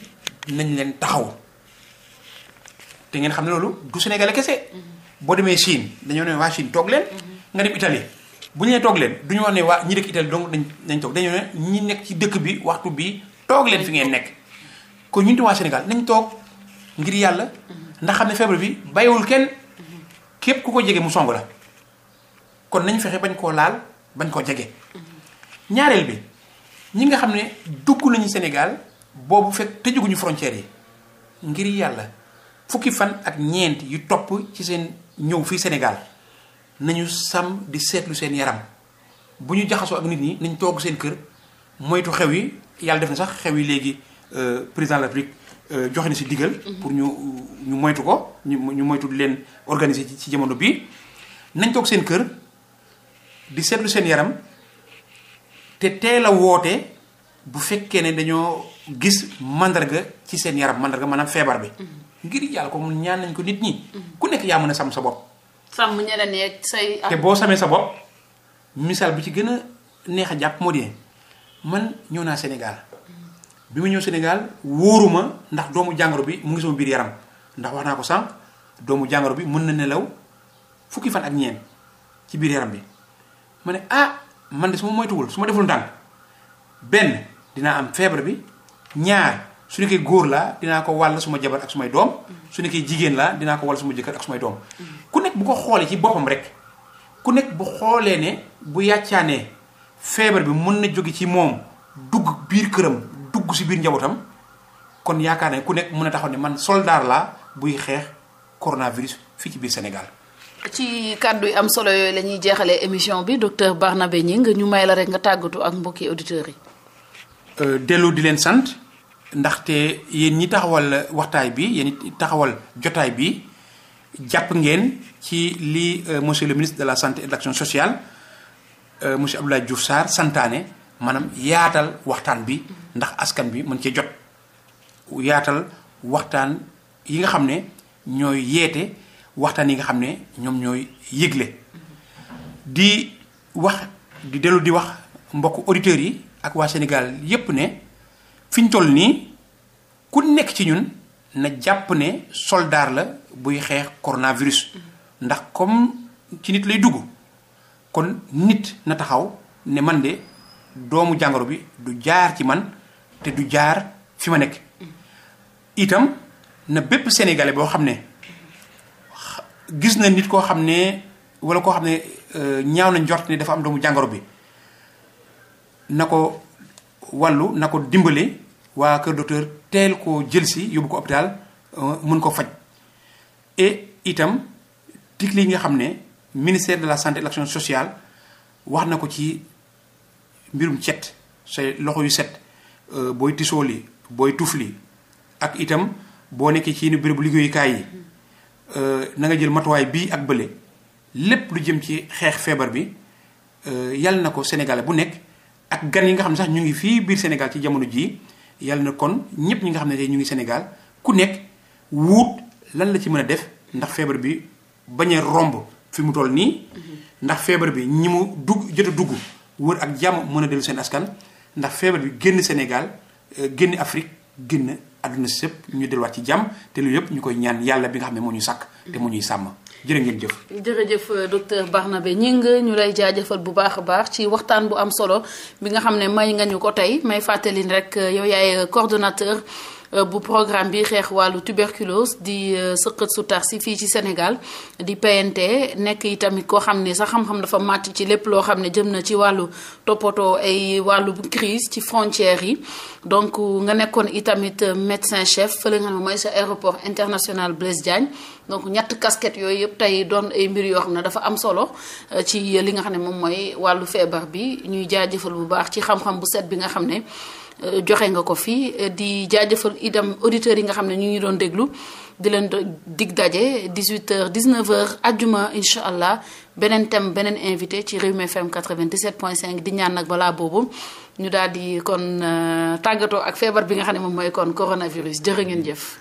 nañ leen taxaw te ngeen xam ne loolu du Sénégalais kese. boo demee Chine dañoo ne waa Chine toog leen. nga dem Italie bu ñu nee toog leen du ñu wax ne ñi dëkk Italie donc dañ dañ toog dañoo ne ñi nekk ci dëkk bi waxtu bi toog leen fi ngeen nekk. kon ñu tam waa Sénégal nañ toog ngir yàlla ndax xam ne feebar bi bàyyiwul kenn képp ku ko jege mu song la kon nañ fexe bañ koo laal bañ koo jege. ñaareel bi ñi nga xam ne dugg nañu Sénégal boobu fekk tëjuguñu frontières yi ngir yàlla. fukki fan ak ñeent yu topp ci seen ñëw fii Sénégal nañu sam di seetlu seen yaram bu ñu jaxasoo ak nit ñi nañ toog seen kër moytu xew yi yàlla def na sax xew yi léegi euh, président de la République euh, joxe si diggal mhm. pour ñu ñu moytu ko ñu ñu moytu leen organiser ci jamono bii nañ toog seen kër di seetlu seen yaram te teel a woote bu fekkee ne dañoo gis mandarga ci seen yaram mandarga maanaam feebar bi. Mhm. ngir yàlla ko mun ñaan nañ ko nit ñi. ku nekk yaa mën a sàmm sa bopp. sàmm ñeneen yeeg say. te boo samee sa bopp misaal bi ci gën a neex a jàpp moo di man ñëw naa Sénégal bi ma ñëw Sénégal wóoruma ndax doomu jàngoro bi mu ngi sama biir yaram ndax wax naa ko sànq doomu jàngoro bi mën na nelaw fukki fan ak ñeent ci biir yaram bi ma ne ah man de su ma moytuwul su ma deful ndànk benn dinaa am feebar bi ñaar. su nekkee góor laa dinaa ko wàll suma jabar ak sumay doom su nekkee jigéen laa dinaa ko wàll suma jëkkër ak sumay doom ku nekk bu ko xoolee ci boppam rek ku nekk bu xoolee ne bu yàccaanee feebar bi mën na jóge ci moom dugg biir këram dugg si biir njabootam kon yaakaar ne ku nekk mun a taxaw ne man soldaar laa buy xeex coronavirus fii ci biir Sénégal ci kàddu yi am solo yooyu la ñuy jeexalee émission bi docteur Barnabé nga ñu may la rek nga tàggatu ak auditeurs yi. Euh, delloo di leen sant ndaxte yéen ñi taxawal waxtaay bi yéen ñi taxawal jotaay bi jàpp ngeen ci li euh, monsieur le ministre de la santé et de l'action sociale euh, monsieur Abdoulaye Diouf saar santaane maanaam yaatal waxtaan bi ndax askan bi mën cee jot yaatal waxtaan yi nga xam ne ñooy yeete waxtaan yi nga xam ne ñoom ñooy yëgle di wax di dellu di wax mbokk auditeurs yi ak waa Sénégal yépp ne fi ñu toll nii ku nekk ci ñun na jàpp ne soldaar la buy xeex coronavirus ndax comme ci nit lay dugg kon nit na taxaw ne man de doomu jàngoro bi du jaar ci man te du jaar fi ma nekk itam na bépp sénégalais boo xam ne gis na nit koo xam ne wala koo xam ne euh, ñaaw na njort ne dafa am doomu jàngoro bi na ko wàllu na ko dimbale waa kër docteur teel koo jël si yóbbu ko hôpital euh, mën ko faj et itam digle yi nga xam ne ministère de la santé et de l'action sociale wax na ko ci mbirum set say loxo yu set euh, booy tisooli booy tufli ak itam boo nekkee ci yenn bérébu liggéeyukaay yi euh, na nga jël matuwaay bii ak bële lépp lu jëm ci xeex feebar bi yal na ko Sénégal bu nekk ak gan yi nga xam ne sax ñu ngi fii biir Sénégal ci jamono jii yàlla na kon ñëpp ñi nga xam ne tey ñu ngi Sénégal ku nekk wuut lan la ci mën a def ndax feebar bi bañ a romb fi mu toll nii. ndax feebar bi ñi mu dugg jot a dugg wër ak jàmm mën a dellu seen askan. ndax feebar bi génn Sénégal euh, génn Afrique génn àdduna si sëpp ñu delluwaat ci jàmm te lu yëpp ñu koy ñaan yàlla bi nga xam ne moo ñuy sàkk. te moo ñuy sàmm. jërë ngeen jëf. jërëjëf euh, docteur Barnabé Gningue ñu lay jaajëfal bu baax a baax ci waxtaan bu am solo bi nga xam ne may nga ñu ko tey may fàttali rek euh, yow yaay euh, cordonateur Euh, bu programme bi xeex wàllu tuberculose di euh, sëqët su tar si fii ci Sénégal di payante nekk yi tamit koo xam ne sa xam-xam dafa màtt ci lépp loo xam ne jëm na ci wàllu toppatoo ay wàllu crise ci frontières yi donc euh, nga nekkoon itamit médecin chef fële nga mooy sa aéroport international Blaise Diagne donc ñett casquette yooyu yëpp tey doon ay mbir yoo xam ne dafa am solo ci li nga xam ne moom mooy wàllu feebar bi ñuy jaajëfal bu baax ci xam-xam bu set bi nga xam ne Euh, joxe nga ko fii euh, di jaajëfal itam auditeurs yi nga xam ne ñu ngi doon déglu di leen dig daje 18h 19h àjjuma incha allah beneen thème beneen invité ci Rewmi FM 97.5 di ñaan nag balaa boobu ñu daal di kon euh, tàggatoo ak feebar bi nga xam ne moom mooy kon coronavirus jërë ngeen jëf.